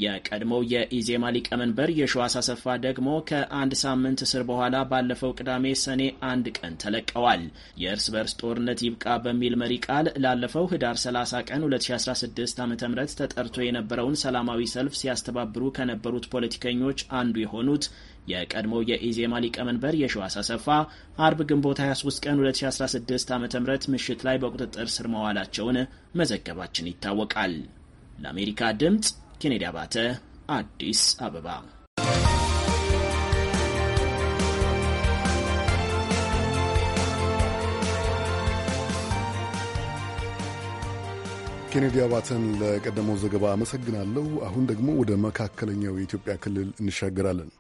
የቀድሞው የኢዜማ ሊቀመንበር የሸዋስ አሰፋ ደግሞ ከአንድ ሳምንት እስር በኋላ ባለፈው ቅዳሜ ሰኔ አንድ ቀን ተለቀዋል። የእርስ በርስ ጦርነት ይብቃ በሚል መሪ ቃል ላለፈው ህዳር 30 ቀን 2016 ዓ ም ተጠርቶ የነበረውን ሰላማዊ ሰልፍ ሲያስተባብሩ ከነበሩት ፖለቲከኞች አንዱ የሆኑት የቀድሞው የኢዜማ ሊቀመንበር የሸዋስ አሰፋ አርብ ግንቦት 23 ቀን 2016 ዓ ም ምሽት ላይ በቁጥጥር ስር መዋላቸውን መዘገባችን ይታወቃል። ለአሜሪካ ድምፅ ኬኔዲ አባተ አዲስ አበባ።
ኬኔዲ አባተን ለቀደመው ዘገባ አመሰግናለሁ። አሁን ደግሞ ወደ መካከለኛው የኢትዮጵያ ክልል እንሻገራለን።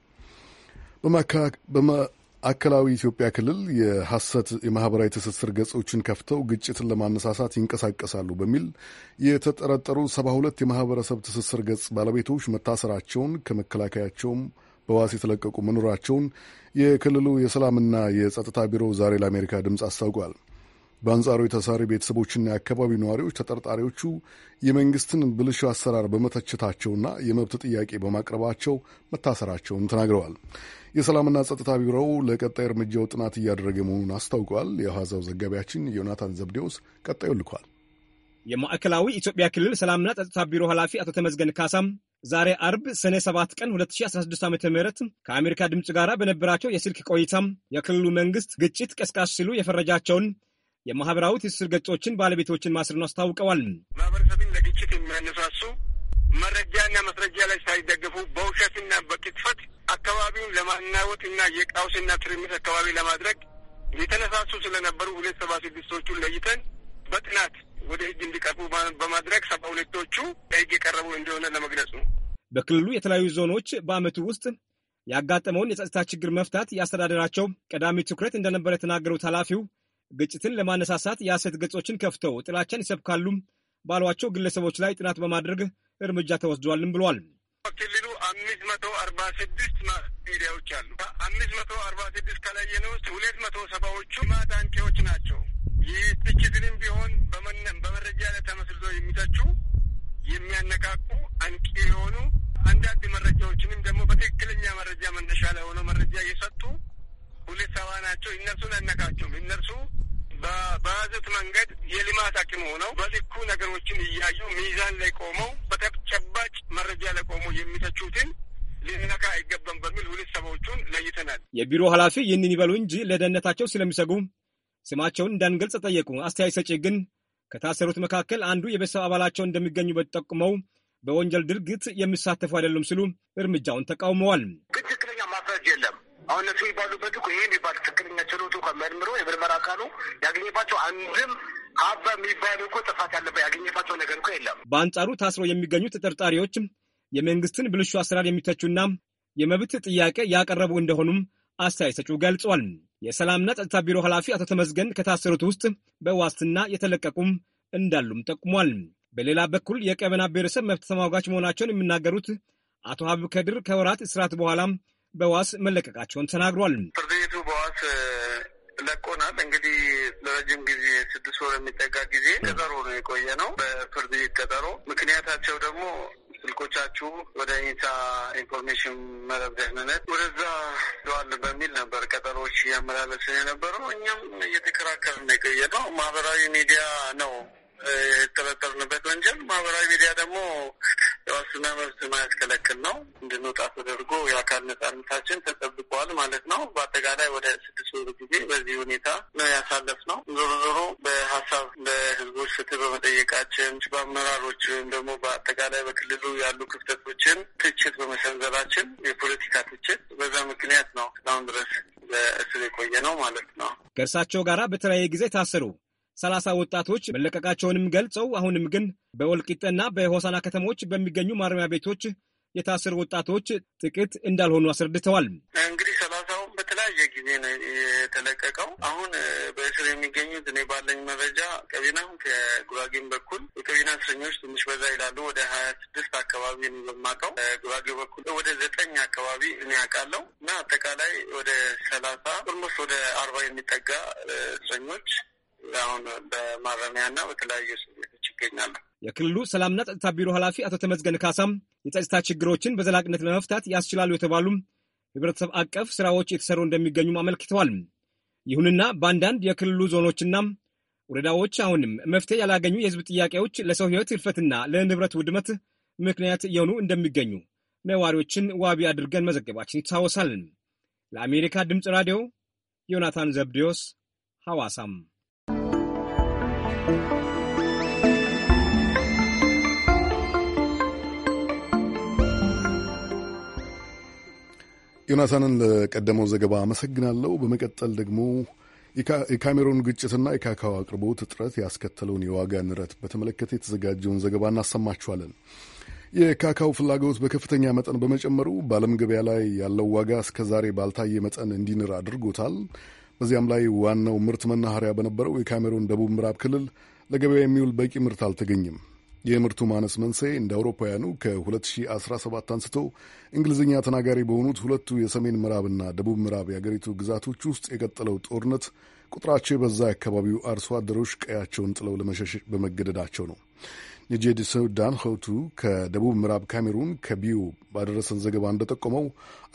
ማዕከላዊ ኢትዮጵያ ክልል የሐሰት የማህበራዊ ትስስር ገጾችን ከፍተው ግጭትን ለማነሳሳት ይንቀሳቀሳሉ በሚል የተጠረጠሩ ሰባ ሁለት የማህበረሰብ ትስስር ገጽ ባለቤቶች መታሰራቸውን ከመከላከያቸውም በዋስ የተለቀቁ መኖራቸውን የክልሉ የሰላምና የጸጥታ ቢሮ ዛሬ ለአሜሪካ ድምፅ አስታውቋል። በአንጻሩ የተሳሪ ቤተሰቦችና የአካባቢው ነዋሪዎች ተጠርጣሪዎቹ የመንግስትን ብልሹ አሰራር በመተቸታቸውና የመብት ጥያቄ በማቅረባቸው መታሰራቸውን ተናግረዋል። የሰላምና ጸጥታ ቢሮው ለቀጣይ እርምጃው ጥናት እያደረገ መሆኑን አስታውቋል። የሐዋሳው ዘጋቢያችን ዮናታን ዘብዴዎስ ቀጣዩ ልኳል።
የማዕከላዊ ኢትዮጵያ ክልል ሰላምና ጸጥታ ቢሮ ኃላፊ አቶ ተመዝገን ካሳም ዛሬ አርብ ሰኔ 7 ቀን 2016 ዓ ም ከአሜሪካ ድምፅ ጋር በነበራቸው የስልክ ቆይታም የክልሉ መንግስት ግጭት ቀስቃሽ ሲሉ የፈረጃቸውን የማህበራዊ ትስስር ገጾችን ባለቤቶችን ማስርን አስታውቀዋል።
ማህበረሰብን ለግጭት የሚያነሳሱ መረጃና መስረጃ ላይ ሳይደግፉ በውሸትና በክትፈት አካባቢውን ለማናወጥ እና የቃውስና ትርምስ አካባቢ ለማድረግ የተነሳሱ ስለነበሩ ሁለት ሰባ ስድስቶቹን ለይተን በጥናት ወደ ህግ እንዲቀርቡ በማድረግ ሰባ ሁለቶቹ
ለህግ የቀረቡ እንደሆነ ለመግለጽ ነው። በክልሉ የተለያዩ ዞኖች በአመቱ ውስጥ ያጋጠመውን የጸጥታ ችግር መፍታት ያስተዳደራቸው ቀዳሚ ትኩረት እንደነበረ የተናገሩት ኃላፊው ግጭትን ለማነሳሳት የሐሰት ገጾችን ከፍተው ጥላቻን ይሰብካሉ ባሏቸው ግለሰቦች ላይ ጥናት በማድረግ እርምጃ ተወስዷልም ብሏል።
ክልሉ አምስት መቶ አርባ ስድስት ሚዲያዎች አሉ። አምስት መቶ አርባ ስድስት ከለየን ውስጥ ሁለት መቶ ሰባዎቹ ማታንቂዎች ናቸው። ይህ ትችትንም ቢሆን በመረጃ ላይ ተመስርቶ የሚተቹ የሚያነቃቁ አንቂ የሆኑ አንዳንድ መረጃዎችንም ደግሞ በትክክለኛ መረጃ መነሻ ላይ ሆነው መረጃ እየሰጡ ሁለት ሰባ ናቸው። እነርሱን አነካቸውም። እነርሱ በያዙት መንገድ የልማት አቅም ሆነው በልኩ ነገሮችን እያዩ ሚዛን ላይ ቆመው በተጨባጭ መረጃ ላይ ቆመው
የሚተቹትን ሊነካ አይገባም በሚል ሁለት ሰባዎቹን ለይተናል። የቢሮ ኃላፊ ይህንን ይበሉ እንጂ ለደህንነታቸው ስለሚሰጉ ስማቸውን እንዳንገልጽ ጠየቁ። አስተያየት ሰጪ ግን ከታሰሩት መካከል አንዱ የቤተሰብ አባላቸው እንደሚገኙበት ጠቁመው በወንጀል ድርጊት የሚሳተፉ አይደሉም ሲሉ እርምጃውን ተቃውመዋል። ግን ትክክለኛ ማስረጃ የለም አሁን
እነሱ የሚባሉበት እኮ ይሄ የሚባል ትክክለኛ ችሎቱ ከመርምሮ የምርመራ አካሉ ያገኘባቸው አንድም አባ የሚባል እኮ ጥፋት ያለበት ያገኘባቸው ነገር
እኮ የለም። በአንጻሩ ታስረው የሚገኙ ተጠርጣሪዎች የመንግስትን ብልሹ አሰራር የሚተቹና የመብት ጥያቄ ያቀረቡ እንደሆኑም አስተያየት ሰጪው ገልጿል። የሰላምና ጸጥታ ቢሮ ኃላፊ አቶ ተመዝገን ከታሰሩት ውስጥ በዋስትና የተለቀቁም እንዳሉም ጠቁሟል። በሌላ በኩል የቀበና ብሔረሰብ መብት ተሟጋች መሆናቸውን የሚናገሩት አቶ ሀብብ ከድር ከወራት እስራት በኋላ በዋስ መለቀቃቸውን ተናግሯል። ፍርድ ቤቱ በዋስ
ለቆናል። እንግዲህ ለረጅም ጊዜ ስድስት ወር የሚጠጋ ጊዜ ቀጠሮ ነው የቆየ ነው በፍርድ ቤት ቀጠሮ። ምክንያታቸው ደግሞ ስልኮቻችሁ ወደ ኢንሳ ኢንፎርሜሽን መረብ ደህንነት ወደዛ ደዋል በሚል ነበር ቀጠሮዎች እያመላለስን የነበረው። እኛም እየተከራከርን ነው የቆየ ነው። ማህበራዊ ሚዲያ ነው የተጠረጠርንበት ወንጀል ማህበራዊ ሚዲያ ደግሞ የዋስትና መብት ማያስከለክል ነው። እንድንወጣ ተደርጎ የአካል ነጻነታችን ተጠብቋል ማለት ነው። በአጠቃላይ ወደ ስድስት ወር ጊዜ በዚህ ሁኔታ ነው ነው። ዞሮ ዞሮ በሀሳብ በህዝቦች ፍትህ በመጠየቃችን በአመራሮች ወይም ደግሞ በአጠቃላይ በክልሉ ያሉ ክፍተቶችን ትችት በመሰንዘራችን የፖለቲካ ትችት በዛ ምክንያት ነው እስካሁን ድረስ በእስር የቆየ ነው ማለት ነው።
ከእርሳቸው ጋራ በተለያየ ጊዜ ታሰሩ ሰላሳ ወጣቶች መለቀቃቸውንም ገልጸው አሁንም ግን በወልቂጤና በሆሳና ከተሞች በሚገኙ ማረሚያ ቤቶች የታሰሩ ወጣቶች ጥቂት እንዳልሆኑ አስረድተዋል። እንግዲህ ሰላሳውን በተለያየ
ጊዜ ነው የተለቀቀው። አሁን በእስር የሚገኙት እኔ ባለኝ መረጃ ቀቢና ከጉራጌም በኩል የቀቢና እስረኞች ትንሽ በዛ ይላሉ። ወደ ሀያ ስድስት አካባቢ ነው የማውቀው። ጉራጌ በኩል ወደ ዘጠኝ አካባቢ እኔ ያውቃለሁ እና አጠቃላይ ወደ ሰላሳ ኦልሞስት ወደ አርባ የሚጠጋ እስረኞች አሁን በማረሚያና በተለያዩ እስር ቤቶች ይገኛሉ።
የክልሉ ሰላምና ጸጥታ ቢሮ ኃላፊ አቶ ተመዝገን ካሳም የጸጥታ ችግሮችን በዘላቂነት ለመፍታት ያስችላሉ የተባሉ ህብረተሰብ አቀፍ ስራዎች የተሰሩ እንደሚገኙም አመልክተዋል። ይሁንና በአንዳንድ የክልሉ ዞኖችና ወረዳዎች አሁንም መፍትሄ ያላገኙ የህዝብ ጥያቄዎች ለሰው ህይወት ህልፈትና ለንብረት ውድመት ምክንያት እየሆኑ እንደሚገኙ ነዋሪዎችን ዋቢ አድርገን መዘገባችን ይታወሳል። ለአሜሪካ ድምፅ ራዲዮ ዮናታን ዘብዴዎስ ሐዋሳም
ዮናታንን ለቀደመው ዘገባ አመሰግናለሁ። በመቀጠል ደግሞ የካሜሮን ግጭትና የካካው አቅርቦት እጥረት ያስከተለውን የዋጋ ንረት በተመለከተ የተዘጋጀውን ዘገባ እናሰማችኋለን። የካካው ፍላጎት በከፍተኛ መጠን በመጨመሩ በዓለም ገበያ ላይ ያለው ዋጋ እስከዛሬ ባልታየ መጠን እንዲንር አድርጎታል። በዚያም ላይ ዋናው ምርት መናኸሪያ በነበረው የካሜሮን ደቡብ ምዕራብ ክልል ለገበያ የሚውል በቂ ምርት አልተገኝም። የምርቱ ማነስ መንስኤ እንደ አውሮፓውያኑ ከ2017 አንስቶ እንግሊዝኛ ተናጋሪ በሆኑት ሁለቱ የሰሜን ምዕራብና ደቡብ ምዕራብ የአገሪቱ ግዛቶች ውስጥ የቀጠለው ጦርነት ቁጥራቸው የበዛ የአካባቢው አርሶ አደሮች ቀያቸውን ጥለው ለመሸሽ በመገደዳቸው ነው። የጄዲ ሱዳን ሆቱ ከደቡብ ምዕራብ ካሜሩን ከቢዩ ባደረሰን ዘገባ እንደጠቆመው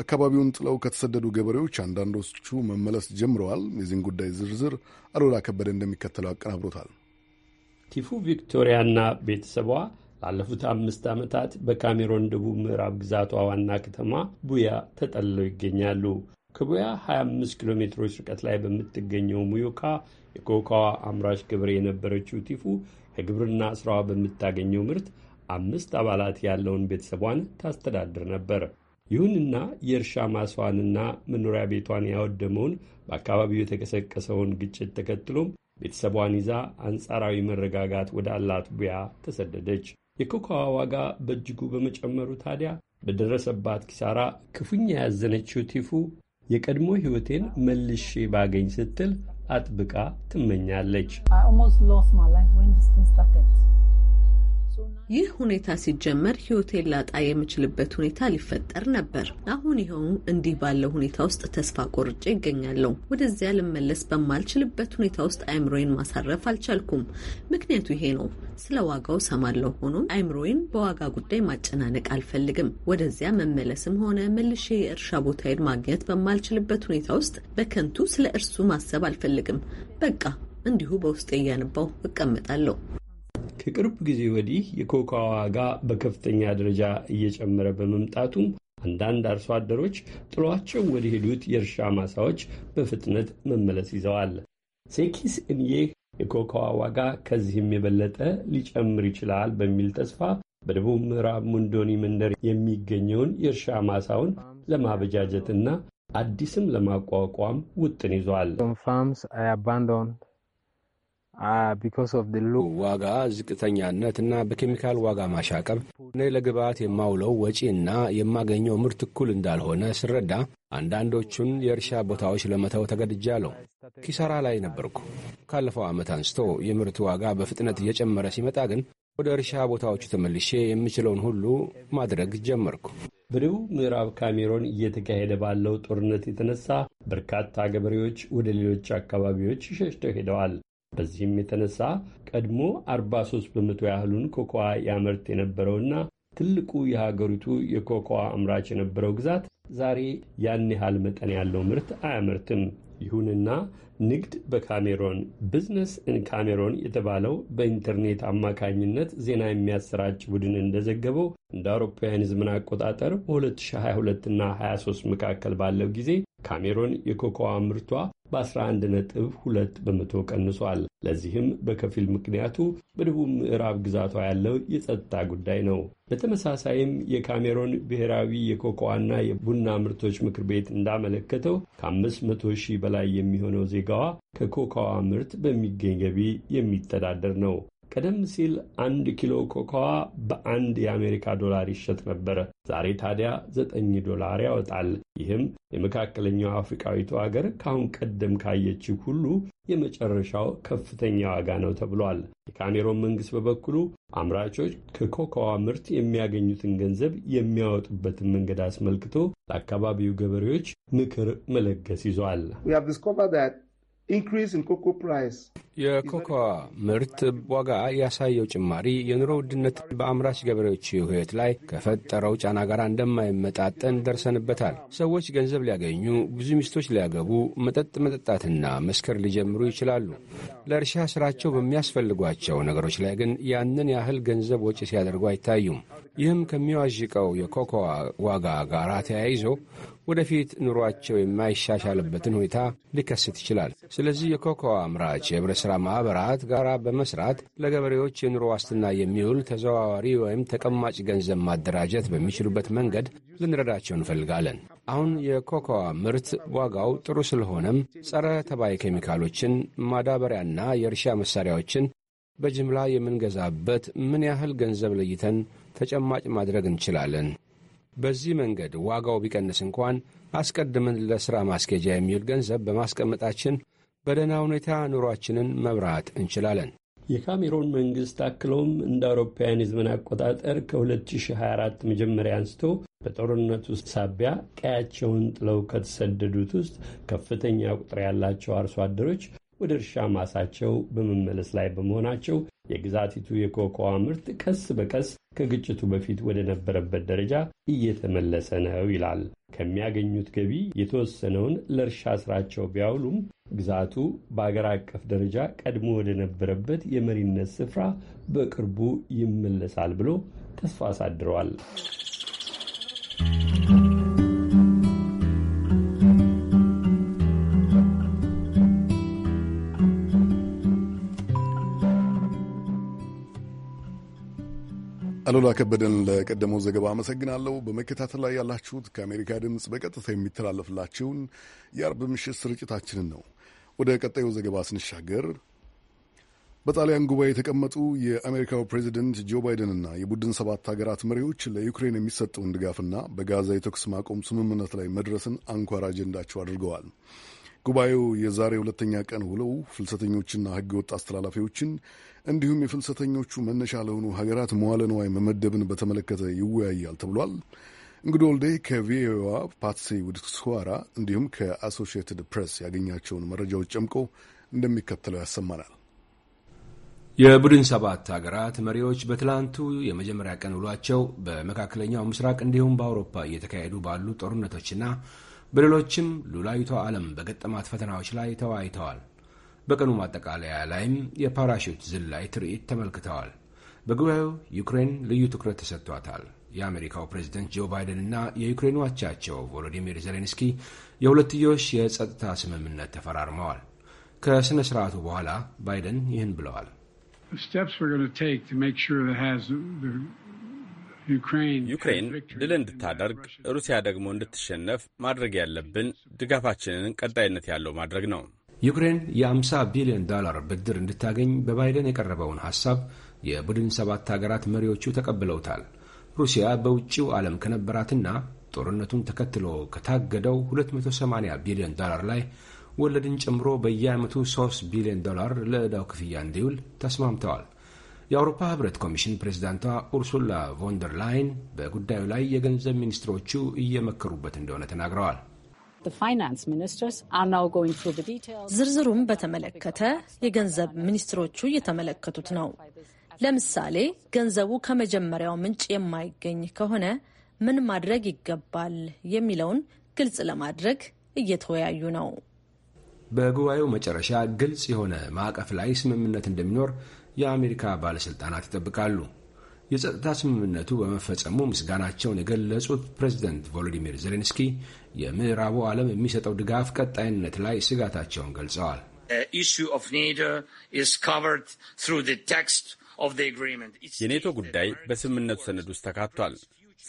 አካባቢውን ጥለው ከተሰደዱ ገበሬዎች አንዳንዶቹ መመለስ ጀምረዋል። የዚህን ጉዳይ ዝርዝር አሉላ ከበደ እንደሚከተለው አቀናብሮታል።
ቲፉ ቪክቶሪያና ቤተሰቧ ላለፉት አምስት ዓመታት በካሜሮን ደቡብ ምዕራብ ግዛቷ ዋና ከተማ ቡያ ተጠልለው ይገኛሉ። ከቡያ 25 ኪሎ ሜትሮች ርቀት ላይ በምትገኘው ሙዮካ የኮካዋ አምራች ገበሬ የነበረችው ቲፉ ከግብርና ስራዋ በምታገኘው ምርት አምስት አባላት ያለውን ቤተሰቧን ታስተዳድር ነበር። ይሁንና የእርሻ ማስዋንና መኖሪያ ቤቷን ያወደመውን በአካባቢው የተቀሰቀሰውን ግጭት ተከትሎም ቤተሰቧን ይዛ አንጻራዊ መረጋጋት ወደ አላትቡያ ተሰደደች። የኮካዋ ዋጋ በእጅጉ በመጨመሩ ታዲያ በደረሰባት ኪሳራ ክፉኛ ያዘነችው ቲፉ የቀድሞ ሕይወቴን መልሼ ባገኝ ስትል አጥብቃ ትመኛለች።
ይህ ሁኔታ ሲጀመር ሕይወቴን ላጣ የምችልበት ሁኔታ ሊፈጠር ነበር። አሁን ይኸው እንዲህ ባለው ሁኔታ ውስጥ ተስፋ ቆርጬ ይገኛለሁ። ወደዚያ ልመለስ በማልችልበት ሁኔታ ውስጥ አይምሮዬን ማሳረፍ አልቻልኩም። ምክንያቱ ይሄ ነው። ስለ ዋጋው ሰማለሁ። ሆኖም አይምሮዬን በዋጋ ጉዳይ ማጨናነቅ አልፈልግም። ወደዚያ መመለስም ሆነ መልሼ የእርሻ ቦታዬን ማግኘት በማልችልበት ሁኔታ ውስጥ በከንቱ ስለ እርሱ ማሰብ
አልፈልግም። በቃ
እንዲሁ በውስጤ እያነባው እቀመጣለሁ። ከቅርብ ጊዜ ወዲህ የኮካ ዋጋ በከፍተኛ ደረጃ እየጨመረ በመምጣቱም አንዳንድ አርሶ አደሮች ጥሏቸው ወደ ሄዱት የእርሻ ማሳዎች በፍጥነት መመለስ ይዘዋል። ሴኪስ እንዬህ የኮካዋ ዋጋ ከዚህም የበለጠ ሊጨምር ይችላል በሚል ተስፋ በደቡብ ምዕራብ ሙንዶኒ መንደር የሚገኘውን የእርሻ ማሳውን ለማበጃጀትና አዲስም ለማቋቋም ውጥን ይዟል። Ah, ዋጋ ዝቅተኛነትና
በኬሚካል ዋጋ ማሻቀብ እኔ ለግብዓት የማውለው ወጪ እና የማገኘው ምርት እኩል እንዳልሆነ ስረዳ አንዳንዶቹን የእርሻ ቦታዎች ለመተው ተገድጃለሁ። ኪሳራ ላይ ነበርኩ። ካለፈው ዓመት አንስቶ የምርት ዋጋ በፍጥነት እየጨመረ ሲመጣ ግን
ወደ እርሻ ቦታዎቹ ተመልሼ የምችለውን ሁሉ ማድረግ ጀመርኩ። በደቡብ ምዕራብ ካሜሮን እየተካሄደ ባለው ጦርነት የተነሳ በርካታ ገበሬዎች ወደ ሌሎች አካባቢዎች ሸሽተው ሄደዋል። በዚህም የተነሳ ቀድሞ 43 በመቶ ያህሉን ኮኮዋ ያመርት የነበረውና ትልቁ የሀገሪቱ የኮኮዋ አምራች የነበረው ግዛት ዛሬ ያን ያህል መጠን ያለው ምርት አያመርትም። ይሁንና ንግድ በካሜሮን ቢዝነስ ኢን ካሜሮን የተባለው በኢንተርኔት አማካኝነት ዜና የሚያሰራጭ ቡድን እንደዘገበው እንደ አውሮፓውያን የዘመን አቆጣጠር በ2022 ና 23 መካከል ባለው ጊዜ ካሜሮን የኮኮዋ ምርቷ በ11 ነጥብ 2 በመቶ ቀንሷል። ለዚህም በከፊል ምክንያቱ በደቡብ ምዕራብ ግዛቷ ያለው የጸጥታ ጉዳይ ነው። በተመሳሳይም የካሜሮን ብሔራዊ የኮኮዋና የቡና ምርቶች ምክር ቤት እንዳመለከተው ከ500 ሺህ በላይ የሚሆነው ዜጋ ፋብሪካዋ ከኮካዋ ምርት በሚገኝ ገቢ የሚተዳደር ነው። ቀደም ሲል አንድ ኪሎ ኮካዋ በአንድ የአሜሪካ ዶላር ይሸጥ ነበር። ዛሬ ታዲያ ዘጠኝ ዶላር ያወጣል። ይህም የመካከለኛው አፍሪካዊቱ አገር ከአሁን ቀደም ካየችው ሁሉ የመጨረሻው ከፍተኛ ዋጋ ነው ተብሏል። የካሜሮን መንግሥት በበኩሉ አምራቾች ከኮካዋ ምርት የሚያገኙትን ገንዘብ የሚያወጡበትን መንገድ አስመልክቶ ለአካባቢው ገበሬዎች ምክር መለገስ ይዟል።
increase in cocoa price
የኮኮዋ ምርት ዋጋ ያሳየው ጭማሪ
የኑሮ ውድነት በአምራች ገበሬዎች ሕይወት ላይ ከፈጠረው ጫና ጋር እንደማይመጣጠን ደርሰንበታል። ሰዎች ገንዘብ ሊያገኙ፣ ብዙ ሚስቶች ሊያገቡ፣ መጠጥ መጠጣትና መስከር ሊጀምሩ ይችላሉ። ለእርሻ ስራቸው በሚያስፈልጓቸው ነገሮች ላይ ግን ያንን ያህል ገንዘብ ወጪ ሲያደርጉ አይታዩም። ይህም ከሚዋዥቀው የኮኮዋ ዋጋ ጋር ተያይዞ ወደፊት ኑሯቸው የማይሻሻልበትን ሁኔታ ሊከስት ይችላል። ስለዚህ የኮኮዋ አምራች የህብረተሰብ ሥራ ማኅበራት ጋር በመስራት ለገበሬዎች የኑሮ ዋስትና የሚውል ተዘዋዋሪ ወይም ተቀማጭ ገንዘብ ማደራጀት በሚችሉበት መንገድ ልንረዳቸው እንፈልጋለን። አሁን የኮኮዋ ምርት ዋጋው ጥሩ ስለሆነም ጸረ ተባይ ኬሚካሎችን፣ ማዳበሪያና የእርሻ መሣሪያዎችን በጅምላ የምንገዛበት ምን ያህል ገንዘብ ለይተን ተጨማጭ ማድረግ እንችላለን። በዚህ መንገድ ዋጋው ቢቀንስ እንኳን አስቀድመን ለሥራ ማስኬጃ የሚውል ገንዘብ በማስቀመጣችን
በደህና ሁኔታ ኑሯችንን መብራት እንችላለን። የካሜሮን መንግስት አክለውም እንደ አውሮፓውያን የዘመን አቆጣጠር ከ2024 መጀመሪያ አንስቶ በጦርነቱ ሳቢያ ቀያቸውን ጥለው ከተሰደዱት ውስጥ ከፍተኛ ቁጥር ያላቸው አርሶ አደሮች ወደ እርሻ ማሳቸው በመመለስ ላይ በመሆናቸው የግዛቲቱ የኮኮዋ ምርት ቀስ በቀስ ከግጭቱ በፊት ወደ ነበረበት ደረጃ እየተመለሰ ነው ይላል። ከሚያገኙት ገቢ የተወሰነውን ለእርሻ ስራቸው ቢያውሉም ግዛቱ በአገር አቀፍ ደረጃ ቀድሞ ወደ ነበረበት የመሪነት ስፍራ በቅርቡ ይመለሳል ብሎ ተስፋ አሳድረዋል።
አሉላ ከበደን ለቀደመው ዘገባ አመሰግናለሁ። በመከታተል ላይ ያላችሁት ከአሜሪካ ድምፅ በቀጥታ የሚተላለፍላችሁን የአርብ ምሽት ስርጭታችንን ነው። ወደ ቀጣዩ ዘገባ ስንሻገር በጣሊያን ጉባኤ የተቀመጡ የአሜሪካው ፕሬዚደንት ጆ ባይደንና የቡድን ሰባት ሀገራት መሪዎች ለዩክሬን የሚሰጠውን ድጋፍና በጋዛ የተኩስ ማቆም ስምምነት ላይ መድረስን አንኳር አጀንዳቸው አድርገዋል። ጉባኤው የዛሬ ሁለተኛ ቀን ውለው ፍልሰተኞችና ህገወጥ አስተላላፊዎችን እንዲሁም የፍልሰተኞቹ መነሻ ለሆኑ ሀገራት መዋለ ንዋይ መመደብን በተመለከተ ይወያያል ተብሏል። እንግዲህ ወልዴ ከቪኦኤዋ ፓትሲ ውድስዋራ እንዲሁም ከአሶሺየትድ ፕሬስ ያገኛቸውን መረጃዎች ጨምቆ እንደሚከተለው ያሰማናል። የቡድን ሰባት ሀገራት መሪዎች
በትላንቱ የመጀመሪያ ቀን ውሏቸው በመካከለኛው ምስራቅ እንዲሁም በአውሮፓ እየተካሄዱ ባሉ ጦርነቶችና በሌሎችም ሉላዊቷ ዓለም በገጠማት ፈተናዎች ላይ ተወያይተዋል። በቀኑ ማጠቃለያ ላይም የፓራሹት ዝላይ ትርኢት ተመልክተዋል። በጉባኤው ዩክሬን ልዩ ትኩረት ተሰጥቷታል። የአሜሪካው ፕሬዝደንት ጆ ባይደን እና የዩክሬኑ አቻቸው ቮሎዲሚር ዜሌንስኪ የሁለትዮሽ የጸጥታ ስምምነት ተፈራርመዋል። ከሥነ ሥርዓቱ በኋላ ባይደን ይህን ብለዋል።
ዩክሬን ድል እንድታደርግ ሩሲያ ደግሞ እንድትሸነፍ ማድረግ ያለብን ድጋፋችንን ቀጣይነት ያለው ማድረግ ነው።
ዩክሬን የ50 ቢሊዮን ዶላር ብድር እንድታገኝ በባይደን የቀረበውን ሐሳብ የቡድን ሰባት ሀገራት መሪዎቹ ተቀብለውታል። ሩሲያ በውጭው ዓለም ከነበራትና ጦርነቱን ተከትሎ ከታገደው 280 ቢሊዮን ዶላር ላይ ወለድን ጨምሮ በየዓመቱ 3 ቢሊዮን ዶላር ለዕዳው ክፍያ እንዲውል ተስማምተዋል። የአውሮፓ ህብረት ኮሚሽን ፕሬዚዳንቷ ኡርሱላ ቮንደር ላይን በጉዳዩ ላይ የገንዘብ ሚኒስትሮቹ እየመከሩበት እንደሆነ ተናግረዋል።
ዝርዝሩም በተመለከተ የገንዘብ ሚኒስትሮቹ እየተመለከቱት ነው። ለምሳሌ ገንዘቡ ከመጀመሪያው ምንጭ የማይገኝ ከሆነ ምን ማድረግ ይገባል የሚለውን ግልጽ ለማድረግ እየተወያዩ ነው።
በጉባኤው መጨረሻ ግልጽ የሆነ ማዕቀፍ ላይ ስምምነት እንደሚኖር የአሜሪካ ባለሥልጣናት ይጠብቃሉ። የጸጥታ ስምምነቱ በመፈጸሙ ምስጋናቸውን የገለጹት ፕሬዚደንት ቮሎዲሚር ዜሌንስኪ የምዕራቡ ዓለም የሚሰጠው ድጋፍ ቀጣይነት ላይ ስጋታቸውን ገልጸዋል።
የኔቶ ጉዳይ በስምምነቱ ሰነድ ውስጥ ተካቷል።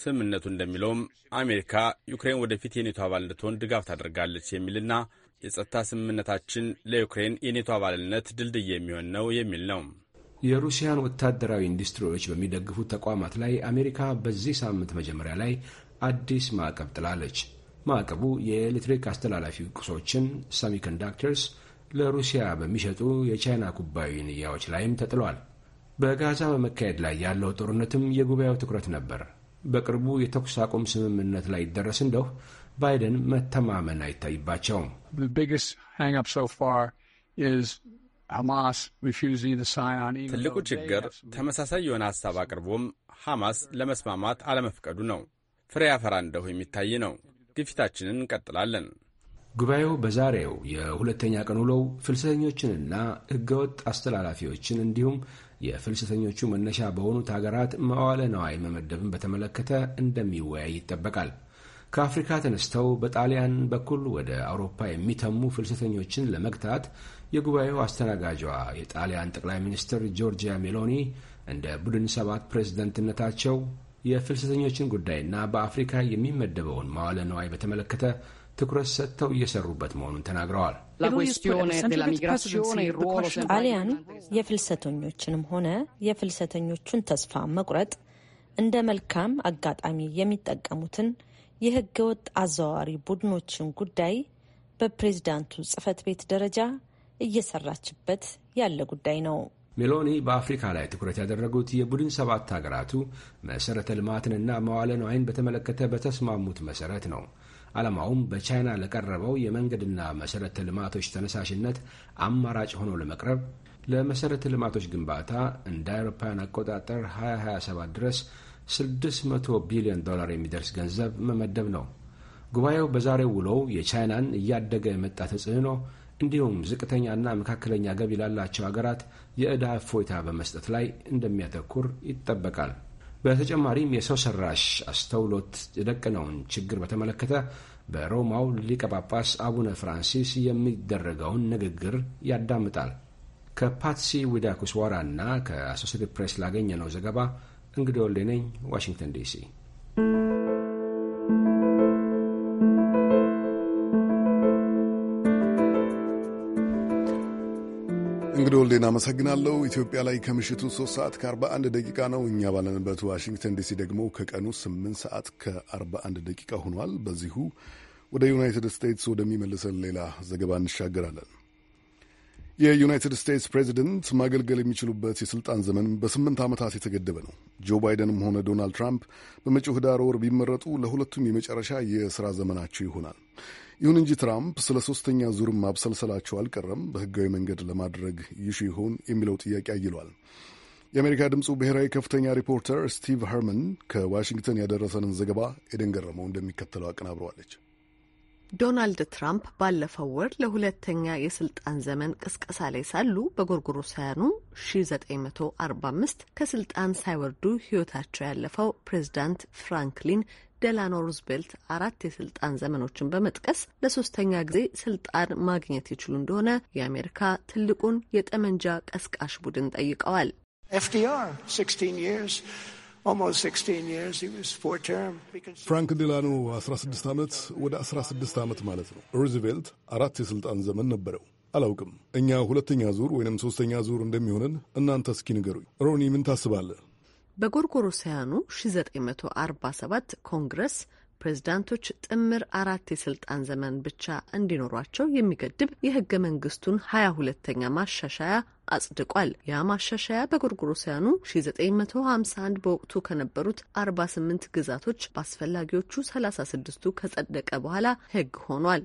ስምምነቱ እንደሚለውም አሜሪካ ዩክሬን ወደፊት የኔቶ አባል እንድትሆን ድጋፍ ታደርጋለች የሚልና የጸጥታ ስምምነታችን ለዩክሬን የኔቶ አባልነት ድልድይ የሚሆን ነው የሚል ነው።
የሩሲያን ወታደራዊ ኢንዱስትሪዎች በሚደግፉት ተቋማት ላይ አሜሪካ በዚህ ሳምንት መጀመሪያ ላይ አዲስ ማዕቀብ ጥላለች። ማዕቀቡ የኤሌክትሪክ አስተላላፊ ቁሶችን ሰሚኮንዳክተርስ ለሩሲያ በሚሸጡ የቻይና ኩባንያዎች ላይም ተጥሏል። በጋዛ በመካሄድ ላይ ያለው ጦርነትም የጉባኤው ትኩረት ነበር። በቅርቡ የተኩስ አቁም ስምምነት ላይ ይደረስ እንደው ባይደን መተማመን አይታይባቸውም።
ትልቁ ችግር
ተመሳሳይ የሆነ ሐሳብ አቅርቦም ሐማስ ለመስማማት አለመፍቀዱ ነው። ፍሬ ያፈራ እንደሁ የሚታይ ነው። ግፊታችንን እንቀጥላለን።
ጉባኤው በዛሬው የሁለተኛ ቀን ውለው ፍልሰተኞችንና ሕገወጥ አስተላላፊዎችን እንዲሁም የፍልሰተኞቹ መነሻ በሆኑት ሀገራት መዋለ ነዋይ መመደብን በተመለከተ እንደሚወያይ ይጠበቃል። ከአፍሪካ ተነስተው በጣሊያን በኩል ወደ አውሮፓ የሚተሙ ፍልሰተኞችን ለመግታት የጉባኤው አስተናጋጇ የጣሊያን ጠቅላይ ሚኒስትር ጆርጂያ ሜሎኒ እንደ ቡድን ሰባት ፕሬዝደንትነታቸው የፍልሰተኞችን ጉዳይና በአፍሪካ የሚመደበውን መዋለ በተመለከተ ትኩረት ሰጥተው እየሰሩበት መሆኑን ተናግረዋል።
ጣሊያን የፍልሰተኞችንም ሆነ የፍልሰተኞቹን ተስፋ መቁረጥ እንደ መልካም አጋጣሚ የሚጠቀሙትን የህገ ወጥ አዘዋዋሪ ቡድኖችን ጉዳይ በፕሬዝዳንቱ ጽህፈት ቤት ደረጃ እየሰራችበት ያለ ጉዳይ ነው።
ሜሎኒ በአፍሪካ ላይ ትኩረት ያደረጉት የቡድን ሰባት ሀገራቱ መሠረተ ልማትንና መዋለ ንዋይን በተመለከተ በተስማሙት መሠረት ነው። ዓላማውም በቻይና ለቀረበው የመንገድና መሠረተ ልማቶች ተነሳሽነት አማራጭ ሆኖ ለመቅረብ ለመሠረተ ልማቶች ግንባታ እንደ አውሮፓውያን አቆጣጠር 2027 ድረስ 600 ቢሊዮን ዶላር የሚደርስ ገንዘብ መመደብ ነው። ጉባኤው በዛሬው ውሎው የቻይናን እያደገ የመጣ ተጽዕኖ እንዲሁም ዝቅተኛና መካከለኛ ገቢ ላላቸው ሀገራት የዕዳ እፎይታ በመስጠት ላይ እንደሚያተኩር ይጠበቃል። በተጨማሪም የሰው ሰራሽ አስተውሎት የደቀነውን ችግር በተመለከተ በሮማው ሊቀ ጳጳስ አቡነ ፍራንሲስ የሚደረገውን ንግግር ያዳምጣል። ከፓትሲ ዊዳኩስዋራ እና ከአሶሴትድ ፕሬስ ላገኘ ነው ዘገባ እንግዲህ ወልዴ ነኝ፣ ዋሽንግተን ዲሲ።
እንግዲህ ወልዴን አመሰግናለሁ። ኢትዮጵያ ላይ ከምሽቱ 3 ሰዓት ከ41 ደቂቃ ነው። እኛ ባለንበት ዋሽንግተን ዲሲ ደግሞ ከቀኑ 8 ሰዓት ከ41 ደቂቃ ሆኗል። በዚሁ ወደ ዩናይትድ ስቴትስ ወደሚመልሰን ሌላ ዘገባ እንሻገራለን። የዩናይትድ ስቴትስ ፕሬዚደንት ማገልገል የሚችሉበት የስልጣን ዘመን በስምንት ዓመታት የተገደበ ነው። ጆ ባይደንም ሆነ ዶናልድ ትራምፕ በመጪው ህዳር ወር ቢመረጡ ለሁለቱም የመጨረሻ የሥራ ዘመናቸው ይሆናል። ይሁን እንጂ ትራምፕ ስለ ሦስተኛ ዙርም ማብሰልሰላቸው አልቀረም። በህጋዊ መንገድ ለማድረግ ይሹ ይሆን የሚለው ጥያቄ አይሏል። የአሜሪካ ድምፁ ብሔራዊ ከፍተኛ ሪፖርተር ስቲቭ ሃርመን ከዋሽንግተን ያደረሰንን ዘገባ ኤደን ገረመው እንደሚከተለው አቀናብረዋለች።
ዶናልድ ትራምፕ ባለፈው ወር ለሁለተኛ የስልጣን ዘመን ቅስቀሳ ላይ ሳሉ በጎርጎሮሳውያኑ 1945 ከስልጣን ሳይወርዱ ሕይወታቸው ያለፈው ፕሬዚዳንት ፍራንክሊን ደላኖ ሩዝቬልት አራት የስልጣን ዘመኖችን በመጥቀስ ለሶስተኛ ጊዜ ስልጣን ማግኘት ይችሉ እንደሆነ የአሜሪካ ትልቁን የጠመንጃ ቀስቃሽ ቡድን ጠይቀዋል። 16
ፍራንክ ዲላኖ 16 ዓመት ወደ 16 ዓመት ማለት ነው። ሩዝቬልት አራት የሥልጣን ዘመን ነበረው። አላውቅም እኛ ሁለተኛ ዙር ወይንም ሦስተኛ ዙር እንደሚሆንን እናንተ እስኪ ንገሩኝ። ሮኒ ምን ታስባለህ?
በጎርጎሮሳውያኑ 1947 ኮንግረስ ፕሬዝዳንቶች ጥምር አራት የስልጣን ዘመን ብቻ እንዲኖሯቸው የሚገድብ የህገ መንግስቱን ሀያ ሁለተኛ ማሻሻያ አጽድቋል። ያ ማሻሻያ በጎርጎሮሳውያኑ 1951 በወቅቱ ከነበሩት 48 ግዛቶች በአስፈላጊዎቹ 36ቱ ከጸደቀ በኋላ ህግ ሆኗል።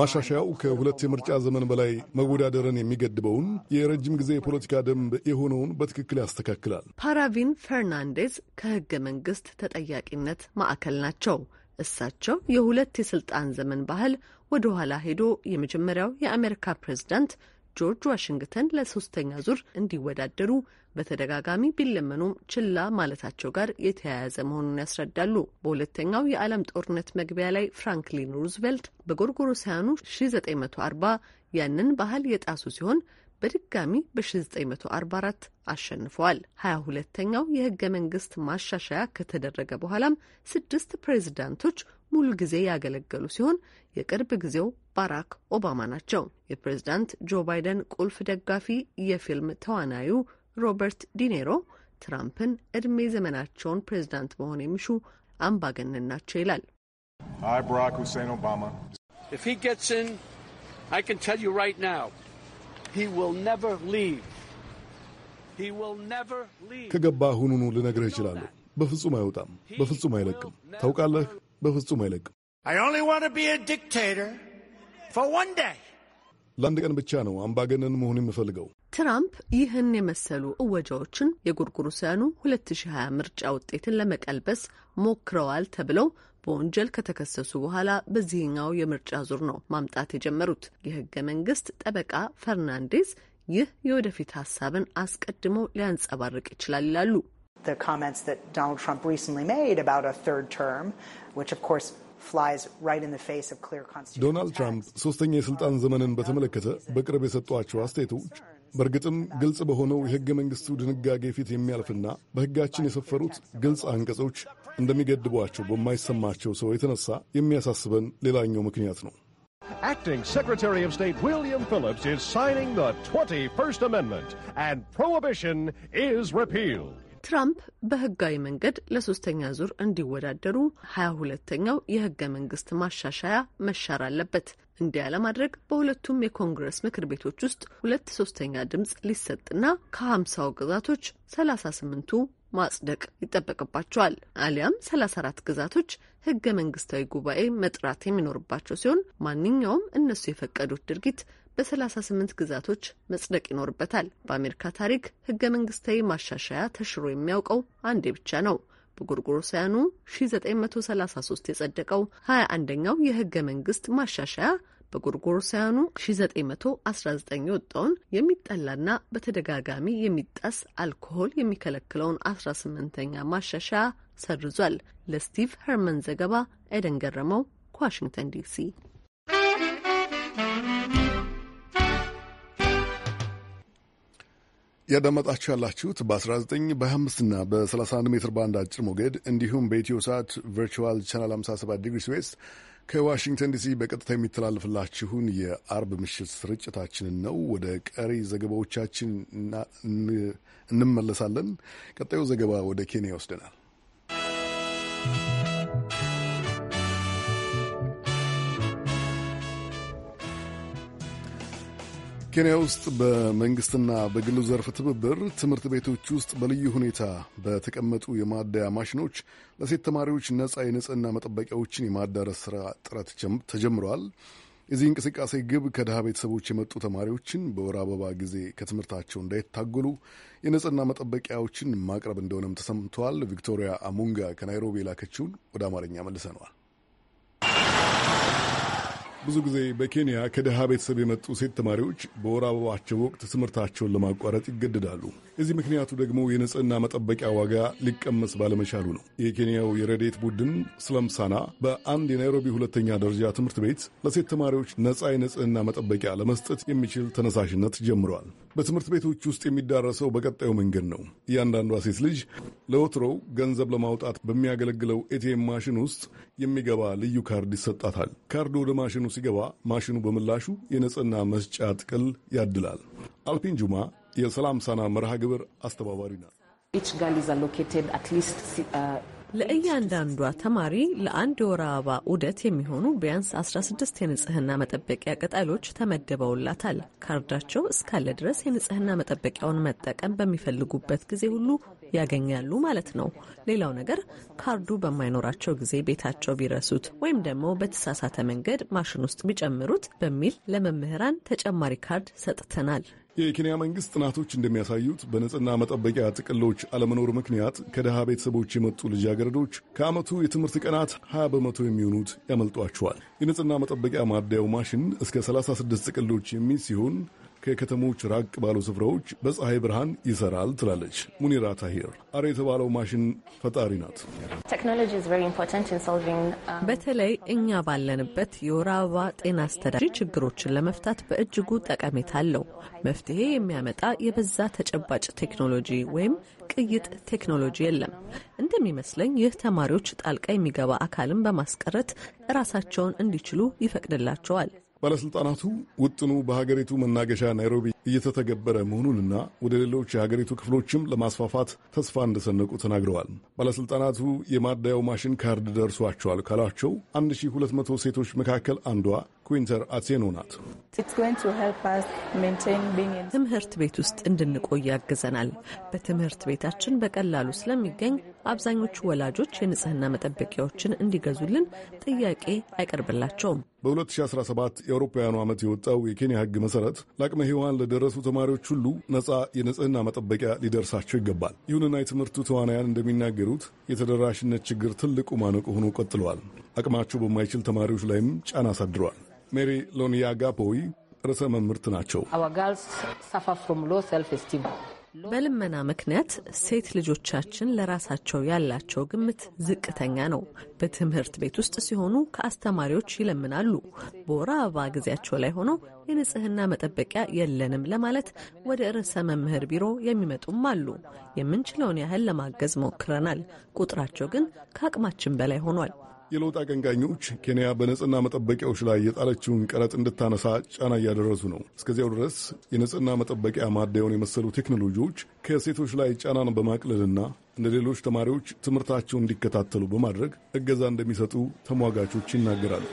ማሻሻያው ከሁለት የምርጫ ዘመን በላይ መወዳደርን የሚገድበውን የረጅም ጊዜ የፖለቲካ ደንብ የሆነውን በትክክል ያስተካክላል።
ፓራቪን ፈርናንዴዝ ከህገ መንግስት ተጠያቂነት ማዕከል ናቸው። እሳቸው የሁለት የስልጣን ዘመን ባህል ወደ ኋላ ሄዶ የመጀመሪያው የአሜሪካ ፕሬዝዳንት ጆርጅ ዋሽንግተን ለሶስተኛ ዙር እንዲወዳደሩ በተደጋጋሚ ቢለመኑም ችላ ማለታቸው ጋር የተያያዘ መሆኑን ያስረዳሉ። በሁለተኛው የዓለም ጦርነት መግቢያ ላይ ፍራንክሊን ሩዝቬልት በጎርጎሮሳያኑ 1940 ያንን ባህል የጣሱ ሲሆን በድጋሚ በ1944 አሸንፈዋል። 22ተኛው የህገ መንግስት ማሻሻያ ከተደረገ በኋላም ስድስት ፕሬዚዳንቶች ሙሉ ጊዜ ያገለገሉ ሲሆን የቅርብ ጊዜው ባራክ ኦባማ ናቸው። የፕሬዚዳንት ጆ ባይደን ቁልፍ ደጋፊ የፊልም ተዋናዩ ሮበርት ዲኔሮ ትራምፕን እድሜ ዘመናቸውን ፕሬዝዳንት መሆን የሚሹ አምባገነን ናቸው ይላል።
ከገባ ሁኑኑ ልነግርህ እችላለሁ። በፍጹም አይወጣም። በፍጹም አይለቅም። ታውቃለህ፣ በፍጹም አይለቅም። ለአንድ ቀን ብቻ ነው አምባገነን መሆን የምፈልገው።
ትራምፕ ይህን የመሰሉ እወጃዎችን የጎርጎሮሳውያኑ 2020 ምርጫ ውጤትን ለመቀልበስ ሞክረዋል ተብለው በወንጀል ከተከሰሱ በኋላ በዚህኛው የምርጫ ዙር ነው ማምጣት የጀመሩት። የህገ መንግስት ጠበቃ ፈርናንዴዝ ይህ የወደፊት ሀሳብን አስቀድሞ ሊያንጸባርቅ ይችላል ይላሉ።
ዶናልድ ትራምፕ ሶስተኛ የስልጣን ዘመንን በተመለከተ በቅርብ የሰጧቸው አስተያየቶች በእርግጥም ግልጽ በሆነው የሕገ መንግሥቱ ድንጋጌ ፊት የሚያልፍና በሕጋችን የሰፈሩት ግልጽ አንቀጾች እንደሚገድቧቸው በማይሰማቸው ሰው የተነሳ የሚያሳስበን ሌላኛው ምክንያት ነው። Acting Secretary of State William Phillips is signing the 21st Amendment, and prohibition is repealed. ትራምፕ በህጋዊ
መንገድ ለሶስተኛ ዙር እንዲወዳደሩ ሀያ ሁለተኛው የህገ መንግስት ማሻሻያ መሻር አለበት። እንዲያ ለማድረግ በሁለቱም የኮንግረስ ምክር ቤቶች ውስጥ ሁለት ሶስተኛ ድምፅ ሊሰጥና ከሀምሳው ግዛቶች ሰላሳ ስምንቱ ማጽደቅ ይጠበቅባቸዋል። አሊያም ሰላሳ አራት ግዛቶች ህገ መንግስታዊ ጉባኤ መጥራት የሚኖርባቸው ሲሆን ማንኛውም እነሱ የፈቀዱት ድርጊት በሰላሳ ስምንት ግዛቶች መጽደቅ ይኖርበታል። በአሜሪካ ታሪክ ህገ መንግስታዊ ማሻሻያ ተሽሮ የሚያውቀው አንዴ ብቻ ነው። በጎርጎሮሳውያኑ 1933 የጸደቀው 21ኛው የህገ መንግስት ማሻሻያ በጎርጎሮሳውያኑ 1919 የወጣውን የሚጠላና በተደጋጋሚ የሚጣስ አልኮሆል የሚከለክለውን 18ኛ ማሻሻያ ሰርዟል። ለስቲቭ ሄርመን ዘገባ ኤደን ገረመው ከዋሽንግተን ዲሲ
ያዳመጣችሁ ያላችሁት በ19 25 እና በ31 ሜትር ባንድ አጭር ሞገድ እንዲሁም በኢትዮ ሰዓት ቨርቹዋል ቻናል 57 ዲግሪ ስዌስት ከዋሽንግተን ዲሲ በቀጥታ የሚተላለፍላችሁን የአርብ ምሽት ስርጭታችንን ነው። ወደ ቀሪ ዘገባዎቻችን እንመለሳለን። ቀጣዩ ዘገባ ወደ ኬንያ ይወስደናል። ኬንያ ውስጥ በመንግስትና በግሉ ዘርፍ ትብብር ትምህርት ቤቶች ውስጥ በልዩ ሁኔታ በተቀመጡ የማደያ ማሽኖች ለሴት ተማሪዎች ነጻ የንጽህና መጠበቂያዎችን የማዳረስ ስራ ጥረት ተጀምረዋል። የዚህ እንቅስቃሴ ግብ ከድሃ ቤተሰቦች የመጡ ተማሪዎችን በወር አበባ ጊዜ ከትምህርታቸው እንዳይታገሉ የንጽህና መጠበቂያዎችን ማቅረብ እንደሆነም ተሰምተዋል። ቪክቶሪያ አሙንጋ ከናይሮቢ የላከችውን ወደ አማርኛ መልሰነዋል። ብዙ ጊዜ በኬንያ ከድሃ ቤተሰብ የመጡ ሴት ተማሪዎች በወር አበባቸው ወቅት ትምህርታቸውን ለማቋረጥ ይገደዳሉ። የዚህ ምክንያቱ ደግሞ የንጽህና መጠበቂያ ዋጋ ሊቀመስ ባለመቻሉ ነው። የኬንያው የረዴት ቡድን ስለምሳና በአንድ የናይሮቢ ሁለተኛ ደረጃ ትምህርት ቤት ለሴት ተማሪዎች ነጻ የንጽህና መጠበቂያ ለመስጠት የሚችል ተነሳሽነት ጀምሯል። በትምህርት ቤቶች ውስጥ የሚዳረሰው በቀጣዩ መንገድ ነው። እያንዳንዷ ሴት ልጅ ለወትሮው ገንዘብ ለማውጣት በሚያገለግለው ኤቲኤም ማሽን ውስጥ የሚገባ ልዩ ካርድ ይሰጣታል። ካርዱ ወደ ማሽኑ ሲገባ ማሽኑ በምላሹ የንጽህና መስጫ ጥቅል ያድላል። አልፒን ጁማ የሰላም ሳና መርሃ ግብር አስተባባሪ ናት።
ለእያንዳንዷ ተማሪ ለአንድ የወር አበባ ዑደት የሚሆኑ ቢያንስ 16 የንጽህና መጠበቂያ ቅጠሎች ተመድበውላታል። ካርዳቸው እስካለ ድረስ የንጽህና መጠበቂያውን መጠቀም በሚፈልጉበት ጊዜ ሁሉ ያገኛሉ ማለት ነው። ሌላው ነገር ካርዱ በማይኖራቸው ጊዜ ቤታቸው ቢረሱት ወይም ደግሞ በተሳሳተ መንገድ ማሽን ውስጥ ቢጨምሩት በሚል ለመምህራን ተጨማሪ ካርድ ሰጥተናል።
የኬንያ መንግስት ጥናቶች እንደሚያሳዩት በንጽህና መጠበቂያ ጥቅሎች አለመኖር ምክንያት ከድሃ ቤተሰቦች የመጡ ልጃገረዶች ከዓመቱ የትምህርት ቀናት 20 በመቶ የሚሆኑት ያመልጧቸዋል። የንጽህና መጠበቂያ ማደያው ማሽን እስከ 36 ጥቅሎች የሚል ሲሆን ከከተሞች ራቅ ባሉ ስፍራዎች በፀሐይ ብርሃን ይሰራል ትላለች ሙኒራ ታሂር። አር የተባለው ማሽን ፈጣሪ ናት። uh,
በተለይ እኛ ባለንበት የወር አበባ ጤና አስተዳደ ችግሮችን ለመፍታት በእጅጉ ጠቀሜታ አለው። መፍትሄ የሚያመጣ የበዛ ተጨባጭ ቴክኖሎጂ ወይም ቅይጥ ቴክኖሎጂ የለም። እንደሚመስለኝ ይህ ተማሪዎች ጣልቃ የሚገባ አካልን በማስቀረት ራሳቸውን እንዲችሉ
ይፈቅድላቸዋል። ባለሥልጣናቱ ውጥኑ በሀገሪቱ መናገሻ ናይሮቢ እየተተገበረ መሆኑንና ወደ ሌሎች የሀገሪቱ ክፍሎችም ለማስፋፋት ተስፋ እንደሰነቁ ተናግረዋል። ባለሥልጣናቱ የማደያው ማሽን ካርድ ደርሷቸዋል ካሏቸው 1200 ሴቶች መካከል አንዷ ኩዊንተር አቴኖ ናት።
ትምህርት ቤት ውስጥ እንድንቆይ ያግዘናል። በትምህርት ቤታችን በቀላሉ ስለሚገኝ አብዛኞቹ ወላጆች የንጽህና መጠበቂያዎችን እንዲገዙልን ጥያቄ አይቀርብላቸውም።
በ2017 የአውሮፓውያኑ ዓመት የወጣው የኬንያ ሕግ መሠረት ለአቅመ ሔዋን የደረሱ ተማሪዎች ሁሉ ነጻ የንጽህና መጠበቂያ ሊደርሳቸው ይገባል። ይሁንና የትምህርቱ ተዋናያን እንደሚናገሩት የተደራሽነት ችግር ትልቁ ማነቆ ሆኖ ቀጥለዋል። አቅማቸው በማይችል ተማሪዎች ላይም ጫና አሳድረዋል። ሜሪ ሎኒያ ጋፖዊ ርዕሰ መምህርት ናቸው።
በልመና ምክንያት ሴት ልጆቻችን ለራሳቸው ያላቸው ግምት ዝቅተኛ ነው። በትምህርት ቤት ውስጥ ሲሆኑ ከአስተማሪዎች ይለምናሉ። በወር አበባ ጊዜያቸው ላይ ሆነው የንጽህና መጠበቂያ የለንም ለማለት ወደ ርዕሰ መምህር ቢሮ የሚመጡም አሉ። የምንችለውን ያህል ለማገዝ ሞክረናል። ቁጥራቸው ግን ከአቅማችን በላይ ሆኗል።
የለውጥ አቀንቃኞች ኬንያ በንጽህና መጠበቂያዎች ላይ የጣለችውን ቀረጥ እንድታነሳ ጫና እያደረሱ ነው። እስከዚያው ድረስ የንጽህና መጠበቂያ ማደያውን የመሰሉ ቴክኖሎጂዎች ከሴቶች ላይ ጫናን በማቅለልና እንደ ሌሎች ተማሪዎች ትምህርታቸውን እንዲከታተሉ በማድረግ እገዛ እንደሚሰጡ ተሟጋቾች ይናገራሉ።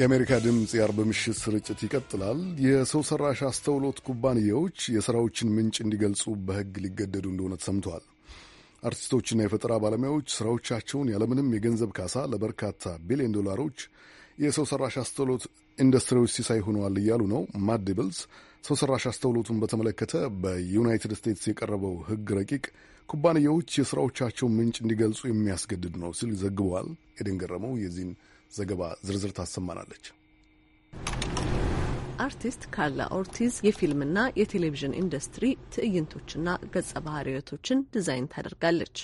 የአሜሪካ ድምፅ የአርብ ምሽት ስርጭት ይቀጥላል። የሰው ሰራሽ አስተውሎት ኩባንያዎች የሥራዎችን ምንጭ እንዲገልጹ በሕግ ሊገደዱ እንደሆነ ተሰምተዋል። አርቲስቶችና የፈጠራ ባለሙያዎች ሥራዎቻቸውን ያለምንም የገንዘብ ካሳ ለበርካታ ቢሊዮን ዶላሮች የሰው ሰራሽ አስተውሎት ኢንዱስትሪዎች ሲሳይ ሆነዋል እያሉ ነው። ማዲብልስ ሰው ሰራሽ አስተውሎቱን በተመለከተ በዩናይትድ ስቴትስ የቀረበው ሕግ ረቂቅ ኩባንያዎች የሥራዎቻቸውን ምንጭ እንዲገልጹ የሚያስገድድ ነው ሲል ዘግበዋል። ኤደን ገረመው የዚህን ዘገባ ዝርዝር ታሰማናለች።
አርቲስት ካርላ ኦርቲዝ የፊልምና የቴሌቪዥን ኢንዱስትሪ ትዕይንቶችና ገጸ ባህሪያቶችን ዲዛይን ታደርጋለች።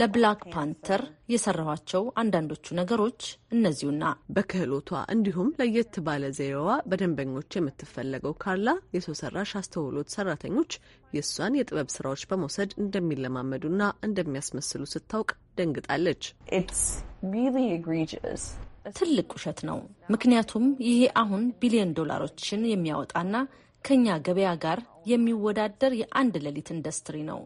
ለብላክ ፓንተር የሰራኋቸው አንዳንዶቹ ነገሮች እነዚሁና በክህሎቷ እንዲሁም ለየት ባለ ዘዬዋ በደንበኞች የምትፈለገው ካርላ የሰው ሰራሽ አስተውሎት
ሰራተኞች የእሷን የጥበብ ስራዎች በመውሰድ እንደሚለማመዱና እንደሚያስመስሉ ስታውቅ
ደንግጣለች። ትልቅ ውሸት ነው። ምክንያቱም ይሄ አሁን ቢሊዮን ዶላሮችን የሚያወጣና ከኛ ገበያ ጋር የሚወዳደር የአንድ ሌሊት ኢንዱስትሪ ነው።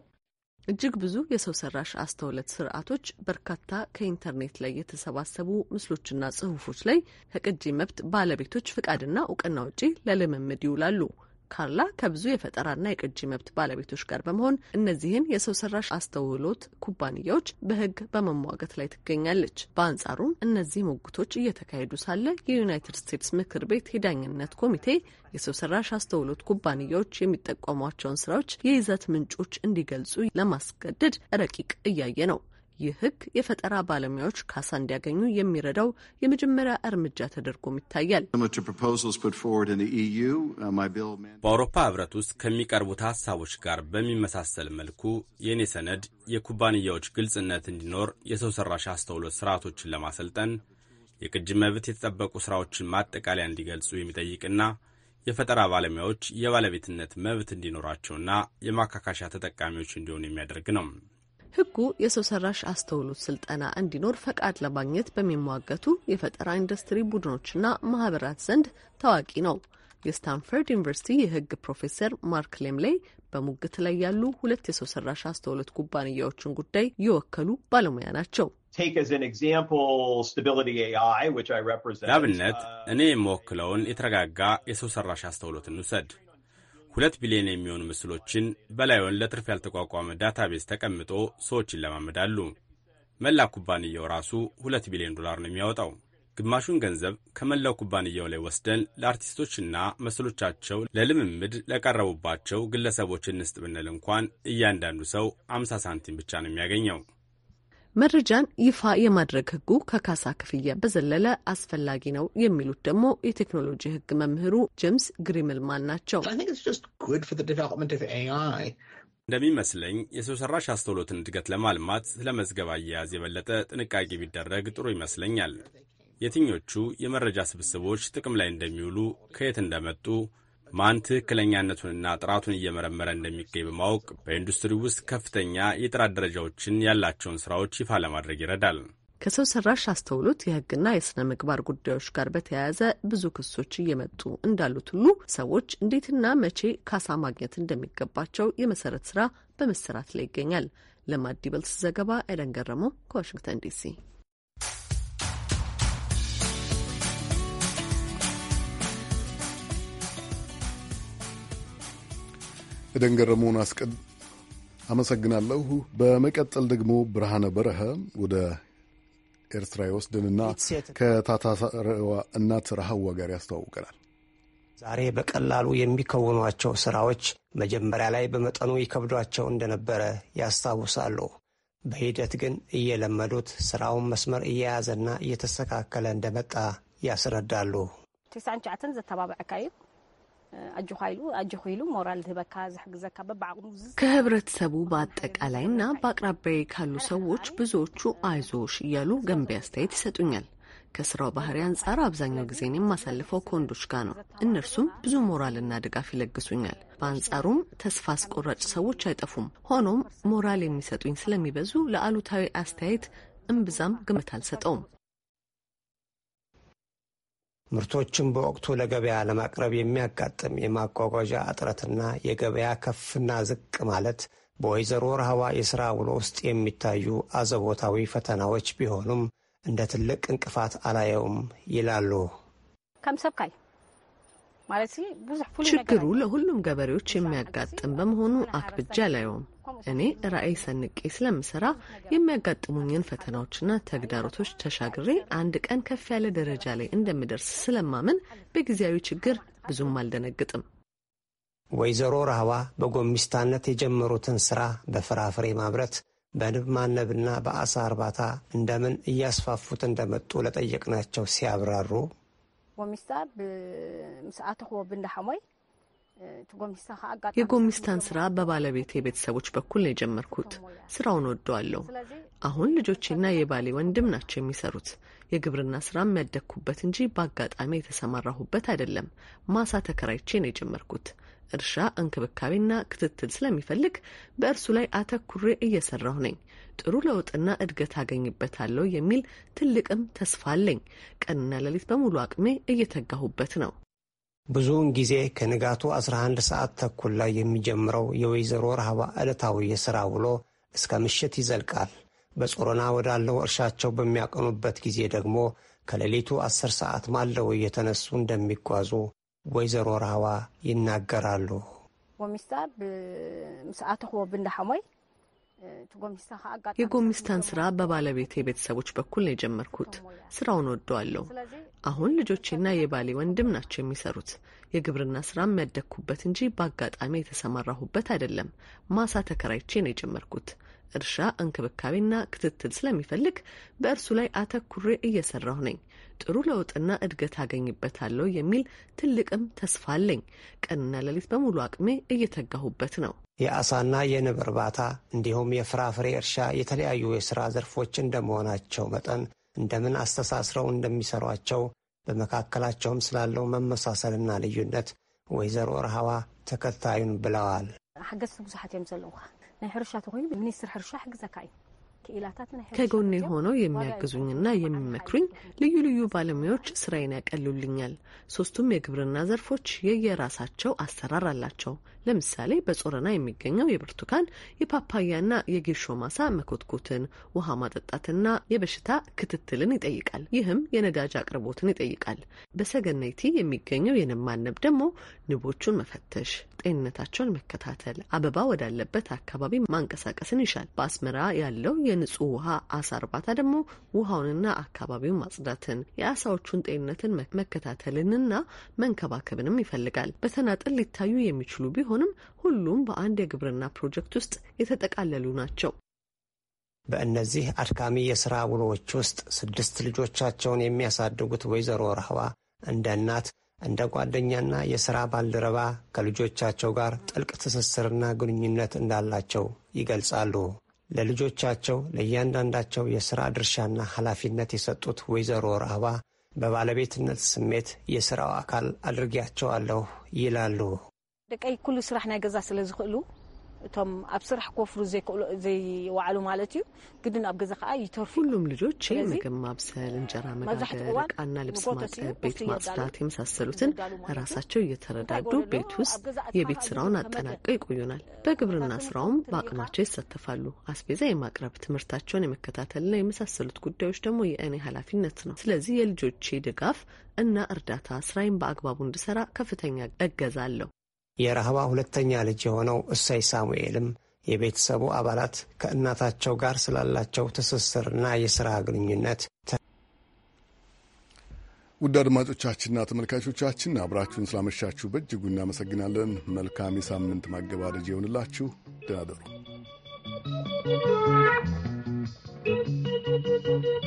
እጅግ ብዙ የሰው ሰራሽ አስተውለት ስርዓቶች
በርካታ ከኢንተርኔት ላይ የተሰባሰቡ ምስሎችና ጽሁፎች ላይ ከቅጂ መብት ባለቤቶች ፍቃድና እውቅና ውጪ ለልምምድ ይውላሉ። ካርላ ከብዙ የፈጠራና የቅጂ መብት ባለቤቶች ጋር በመሆን እነዚህን የሰው ሰራሽ አስተውሎት ኩባንያዎች በሕግ በመሟገት ላይ ትገኛለች። በአንጻሩም እነዚህ ሞግቶች እየተካሄዱ ሳለ የዩናይትድ ስቴትስ ምክር ቤት የዳኝነት ኮሚቴ የሰው ሰራሽ አስተውሎት ኩባንያዎች የሚጠቀሟቸውን ስራዎች የይዘት ምንጮች እንዲገልጹ ለማስገደድ ረቂቅ እያየ ነው። ይህ ህግ የፈጠራ ባለሙያዎች ካሳ እንዲያገኙ የሚረዳው የመጀመሪያ እርምጃ ተደርጎም
ይታያል። e uh,
በአውሮፓ ህብረት ውስጥ ከሚቀርቡት ሀሳቦች ጋር በሚመሳሰል መልኩ የእኔ ሰነድ የኩባንያዎች ግልጽነት እንዲኖር የሰው ሰራሽ አስተውሎት ስርዓቶችን ለማሰልጠን የቅጅ መብት የተጠበቁ ስራዎችን ማጠቃለያ እንዲገልጹ የሚጠይቅና የፈጠራ ባለሙያዎች የባለቤትነት መብት እንዲኖራቸውና የማካካሻ ተጠቃሚዎች እንዲሆኑ የሚያደርግ ነው።
ህጉ የሰው ሰራሽ አስተውሎት ስልጠና እንዲኖር ፈቃድ ለማግኘት በሚሟገቱ የፈጠራ ኢንዱስትሪ ቡድኖችና ማህበራት ዘንድ ታዋቂ ነው። የስታንፈርድ ዩኒቨርሲቲ የህግ ፕሮፌሰር ማርክ ሌምሌይ በሙግት ላይ ያሉ ሁለት የሰው ሰራሽ አስተውሎት ኩባንያዎችን ጉዳይ የወከሉ ባለሙያ ናቸው።
ለአብነት
እኔ የምወክለውን የተረጋጋ የሰው ሰራሽ አስተውሎት ውሰድ። ሁለት ቢሊዮን የሚሆኑ ምስሎችን በላዮን ለትርፍ ያልተቋቋመ ዳታቤዝ ተቀምጦ ሰዎች አሉ። መላ ኩባንያው ራሱ ሁለት ቢሊዮን ዶላር ነው የሚያወጣው። ግማሹን ገንዘብ ከመላው ኩባንያው ላይ ወስደን ለአርቲስቶችና መስሎቻቸው ለልምምድ ለቀረቡባቸው ግለሰቦች እንስጥ ብንል እንኳን እያንዳንዱ ሰው አምሳ ሳንቲም ብቻ ነው የሚያገኘው።
መረጃን ይፋ የማድረግ ህጉ ከካሳ ክፍያ በዘለለ አስፈላጊ ነው የሚሉት ደግሞ የቴክኖሎጂ ህግ መምህሩ ጄምስ ግሪምልማን ናቸው።
እንደሚመስለኝ የሰው ሰራሽ አስተውሎትን እድገት ለማልማት ስለ መዝገብ አያያዝ የበለጠ ጥንቃቄ ቢደረግ ጥሩ ይመስለኛል። የትኞቹ የመረጃ ስብስቦች ጥቅም ላይ እንደሚውሉ፣ ከየት እንደመጡ ማን ትክክለኛነቱንና ጥራቱን እየመረመረ እንደሚገኝ በማወቅ በኢንዱስትሪ ውስጥ ከፍተኛ የጥራት ደረጃዎችን ያላቸውን ስራዎች ይፋ ለማድረግ ይረዳል።
ከሰው ሰራሽ አስተውሎት የሕግና የስነ ምግባር ጉዳዮች ጋር በተያያዘ ብዙ ክሶች እየመጡ እንዳሉት ሁሉ ሰዎች እንዴትና መቼ ካሳ ማግኘት እንደሚገባቸው የመሰረት ስራ በመሰራት ላይ ይገኛል። ለማዲበልስ ዘገባ ኤደን ገረመው ከዋሽንግተን ዲሲ
የደንገረመውን አስቀድ አመሰግናለሁ። በመቀጠል ደግሞ ብርሃነ በረሀ ወደ ኤርትራ ይወስድንና ከታታረዋ እናት ረሃዋ ጋር ያስተዋውቀናል።
ዛሬ በቀላሉ የሚከውኗቸው ስራዎች መጀመሪያ ላይ በመጠኑ ይከብዷቸው እንደነበረ ያስታውሳሉ። በሂደት ግን እየለመዱት ስራውን መስመር እየያዘና እየተስተካከለ እንደመጣ ያስረዳሉ።
ከህብረተሰቡ በአጠቃላይና በአቅራቢያዊ ካሉ ሰዎች ብዙዎቹ አይዞሽ እያሉ ገንቢ አስተያየት ይሰጡኛል። ከስራው ባህሪ አንጻር አብዛኛው ጊዜን የማሳልፈው ከወንዶች ጋር ነው። እነርሱም ብዙ ሞራልና ድጋፍ ይለግሱኛል። በአንጻሩም ተስፋ አስቆራጭ ሰዎች አይጠፉም። ሆኖም ሞራል የሚሰጡኝ ስለሚበዙ ለአሉታዊ አስተያየት እምብዛም ግምት አልሰጠውም።
ምርቶችን በወቅቱ ለገበያ ለማቅረብ የሚያጋጥም የማጓጓዣ እጥረትና የገበያ ከፍና ዝቅ ማለት በወይዘሮ ረሃዋ የሥራ ውሎ ውስጥ የሚታዩ አዘቦታዊ ፈተናዎች ቢሆኑም እንደ ትልቅ እንቅፋት አላየውም ይላሉ።
ከምሰብካይ ችግሩ
ለሁሉም ገበሬዎች የሚያጋጥም
በመሆኑ አክብጃ አላየውም። እኔ ራዕይ ሰንቄ ስለምሰራ የሚያጋጥሙኝን ፈተናዎችና ተግዳሮቶች ተሻግሬ አንድ ቀን ከፍ ያለ ደረጃ ላይ እንደምደርስ ስለማምን በጊዜያዊ ችግር
ብዙም አልደነግጥም። ወይዘሮ ራህዋ በጎሚስታነት የጀመሩትን ስራ በፍራፍሬ ማምረት በንብ ማነብና በአሳ እርባታ እንደምን እያስፋፉት እንደመጡ ለጠየቅናቸው ሲያብራሩ
የጎሚስታን
ስራ በባለቤት ቤተሰቦች በኩል ነው የጀመርኩት። ስራውን ወደዋለሁ። አሁን ልጆቼና የባሌ ወንድም ናቸው የሚሰሩት። የግብርና ስራ የሚያደግኩበት እንጂ በአጋጣሚ የተሰማራሁበት አይደለም። ማሳ ተከራይቼ ነው የጀመርኩት። እርሻ እንክብካቤና ክትትል ስለሚፈልግ በእርሱ ላይ አተኩሬ እየሰራሁ ነኝ። ጥሩ ለውጥና እድገት አገኝበታለሁ የሚል ትልቅም ተስፋ አለኝ። ቀንና ሌሊት በሙሉ አቅሜ
እየተጋሁበት ነው። ብዙውን ጊዜ ከንጋቱ 11 ሰዓት ተኩል ላይ የሚጀምረው የወይዘሮ ረሃባ ዕለታዊ የሥራ ውሎ እስከ ምሽት ይዘልቃል። በጾሮና ወዳለው እርሻቸው በሚያቀኑበት ጊዜ ደግሞ ከሌሊቱ 10 ሰዓት ማለው እየተነሱ እንደሚጓዙ ወይዘሮ ራህዋ ይናገራሉ።
የጎሚስታን
ስራ በባለቤቴ ቤተሰቦች በኩል ነው የጀመርኩት። ስራውን ወደዋለሁ። አሁን ልጆቼና የባሌ ወንድም ናቸው የሚሰሩት። የግብርና ስራ የሚያደግኩበት እንጂ በአጋጣሚ የተሰማራሁበት አይደለም። ማሳ ተከራይቼ ነው የጀመርኩት። እርሻ እንክብካቤና ክትትል ስለሚፈልግ በእርሱ ላይ አተኩሬ እየሰራሁ ነኝ። ጥሩ ለውጥና እድገት አገኝበታለሁ የሚል ትልቅም ተስፋ አለኝ። ቀንና ሌሊት በሙሉ አቅሜ እየተጋሁበት
ነው። የአሳና የንብ እርባታ እንዲሁም የፍራፍሬ እርሻ የተለያዩ የሥራ ዘርፎች እንደመሆናቸው መጠን እንደምን አስተሳስረው እንደሚሰሯቸው በመካከላቸውም ስላለው መመሳሰልና ልዩነት ወይዘሮ ረሃዋ ተከታዩን ብለዋል።
ሓገዝቲ ብዙሓት እዮም ዘለውካ ናይ ሕርሻ ተኮይኑ ሚኒስትር ሕርሻ ሕግዘካ እዩ ከጎኔ
ሆነው የሚያግዙኝና የሚመክሩኝ ልዩ ልዩ ባለሙያዎች ስራዬን ያቀሉልኛል። ሶስቱም የግብርና ዘርፎች የየራሳቸው አሰራር አላቸው። ለምሳሌ በጾረና የሚገኘው የብርቱካን የፓፓያና የጌሾ ማሳ መኮትኮትን፣ ውሃ ማጠጣትና የበሽታ ክትትልን ይጠይቃል። ይህም የነዳጅ አቅርቦትን ይጠይቃል። በሰገነይቲ የሚገኘው የንብ ማነብ ደግሞ ንቦቹን መፈተሽ ጤንነታቸውን መከታተል፣ አበባ ወዳለበት አካባቢ ማንቀሳቀስን ይሻል። በአስመራ ያለው የንጹህ ውሃ አሳ እርባታ ደግሞ ውሃውንና አካባቢውን ማጽዳትን፣ የአሳዎቹን ጤንነትን መከታተልንና መንከባከብንም ይፈልጋል። በተናጠል ሊታዩ የሚችሉ ቢሆንም ሁሉም በአንድ የግብርና ፕሮጀክት ውስጥ የተጠቃለሉ ናቸው።
በእነዚህ አድካሚ የሥራ ውሎዎች ውስጥ ስድስት ልጆቻቸውን የሚያሳድጉት ወይዘሮ ረህዋ እንደ እናት እንደ ጓደኛና የሥራ ባልደረባ ከልጆቻቸው ጋር ጥልቅ ትስስርና ግንኙነት እንዳላቸው ይገልጻሉ። ለልጆቻቸው ለእያንዳንዳቸው የሥራ ድርሻና ኃላፊነት የሰጡት ወይዘሮ ራባ በባለቤትነት ስሜት የሥራው አካል አድርጌያቸዋለሁ ይላሉ።
ደቀይ ኩሉ ስራሕ ናይ ገዛ ስለ ዝኽእሉ እቶም ኣብ ስራሕ ክወፍሩ ዘይዋዕሉ ማለት እዩ ግድን ኣብ ገዛ ከዓ ይተርፉ ሁሉም ልጆች ምግብ
ማብሰል፣ እንጀራ መጋገር፣ ዕቃና ልብስ ማጠብ፣ ቤት ማጽዳት የመሳሰሉትን ራሳቸው እየተረዳዱ ቤት ውስጥ የቤት ስራውን አጠናቀው ይቆዩናል። በግብርና ስራውም በአቅማቸው ይሳተፋሉ። አስቤዛ የማቅረብ ትምህርታቸውን የመከታተልና የመሳሰሉት ጉዳዮች ደግሞ የእኔ ኃላፊነት ነው። ስለዚህ የልጆቼ ድጋፍ እና እርዳታ ስራዬን በአግባቡ እንድሰራ ከፍተኛ እገዛ
የረሃባ ሁለተኛ ልጅ የሆነው እሰይ ሳሙኤልም የቤተሰቡ አባላት ከእናታቸው ጋር ስላላቸው ትስስርና
የሥራ ግንኙነት ውድ አድማጮቻችንና ተመልካቾቻችን አብራችሁን ስላመሻችሁ በእጅጉ እናመሰግናለን። መልካም የሳምንት ማገባደጅ የሆንላችሁ። ደህና
ደሩ።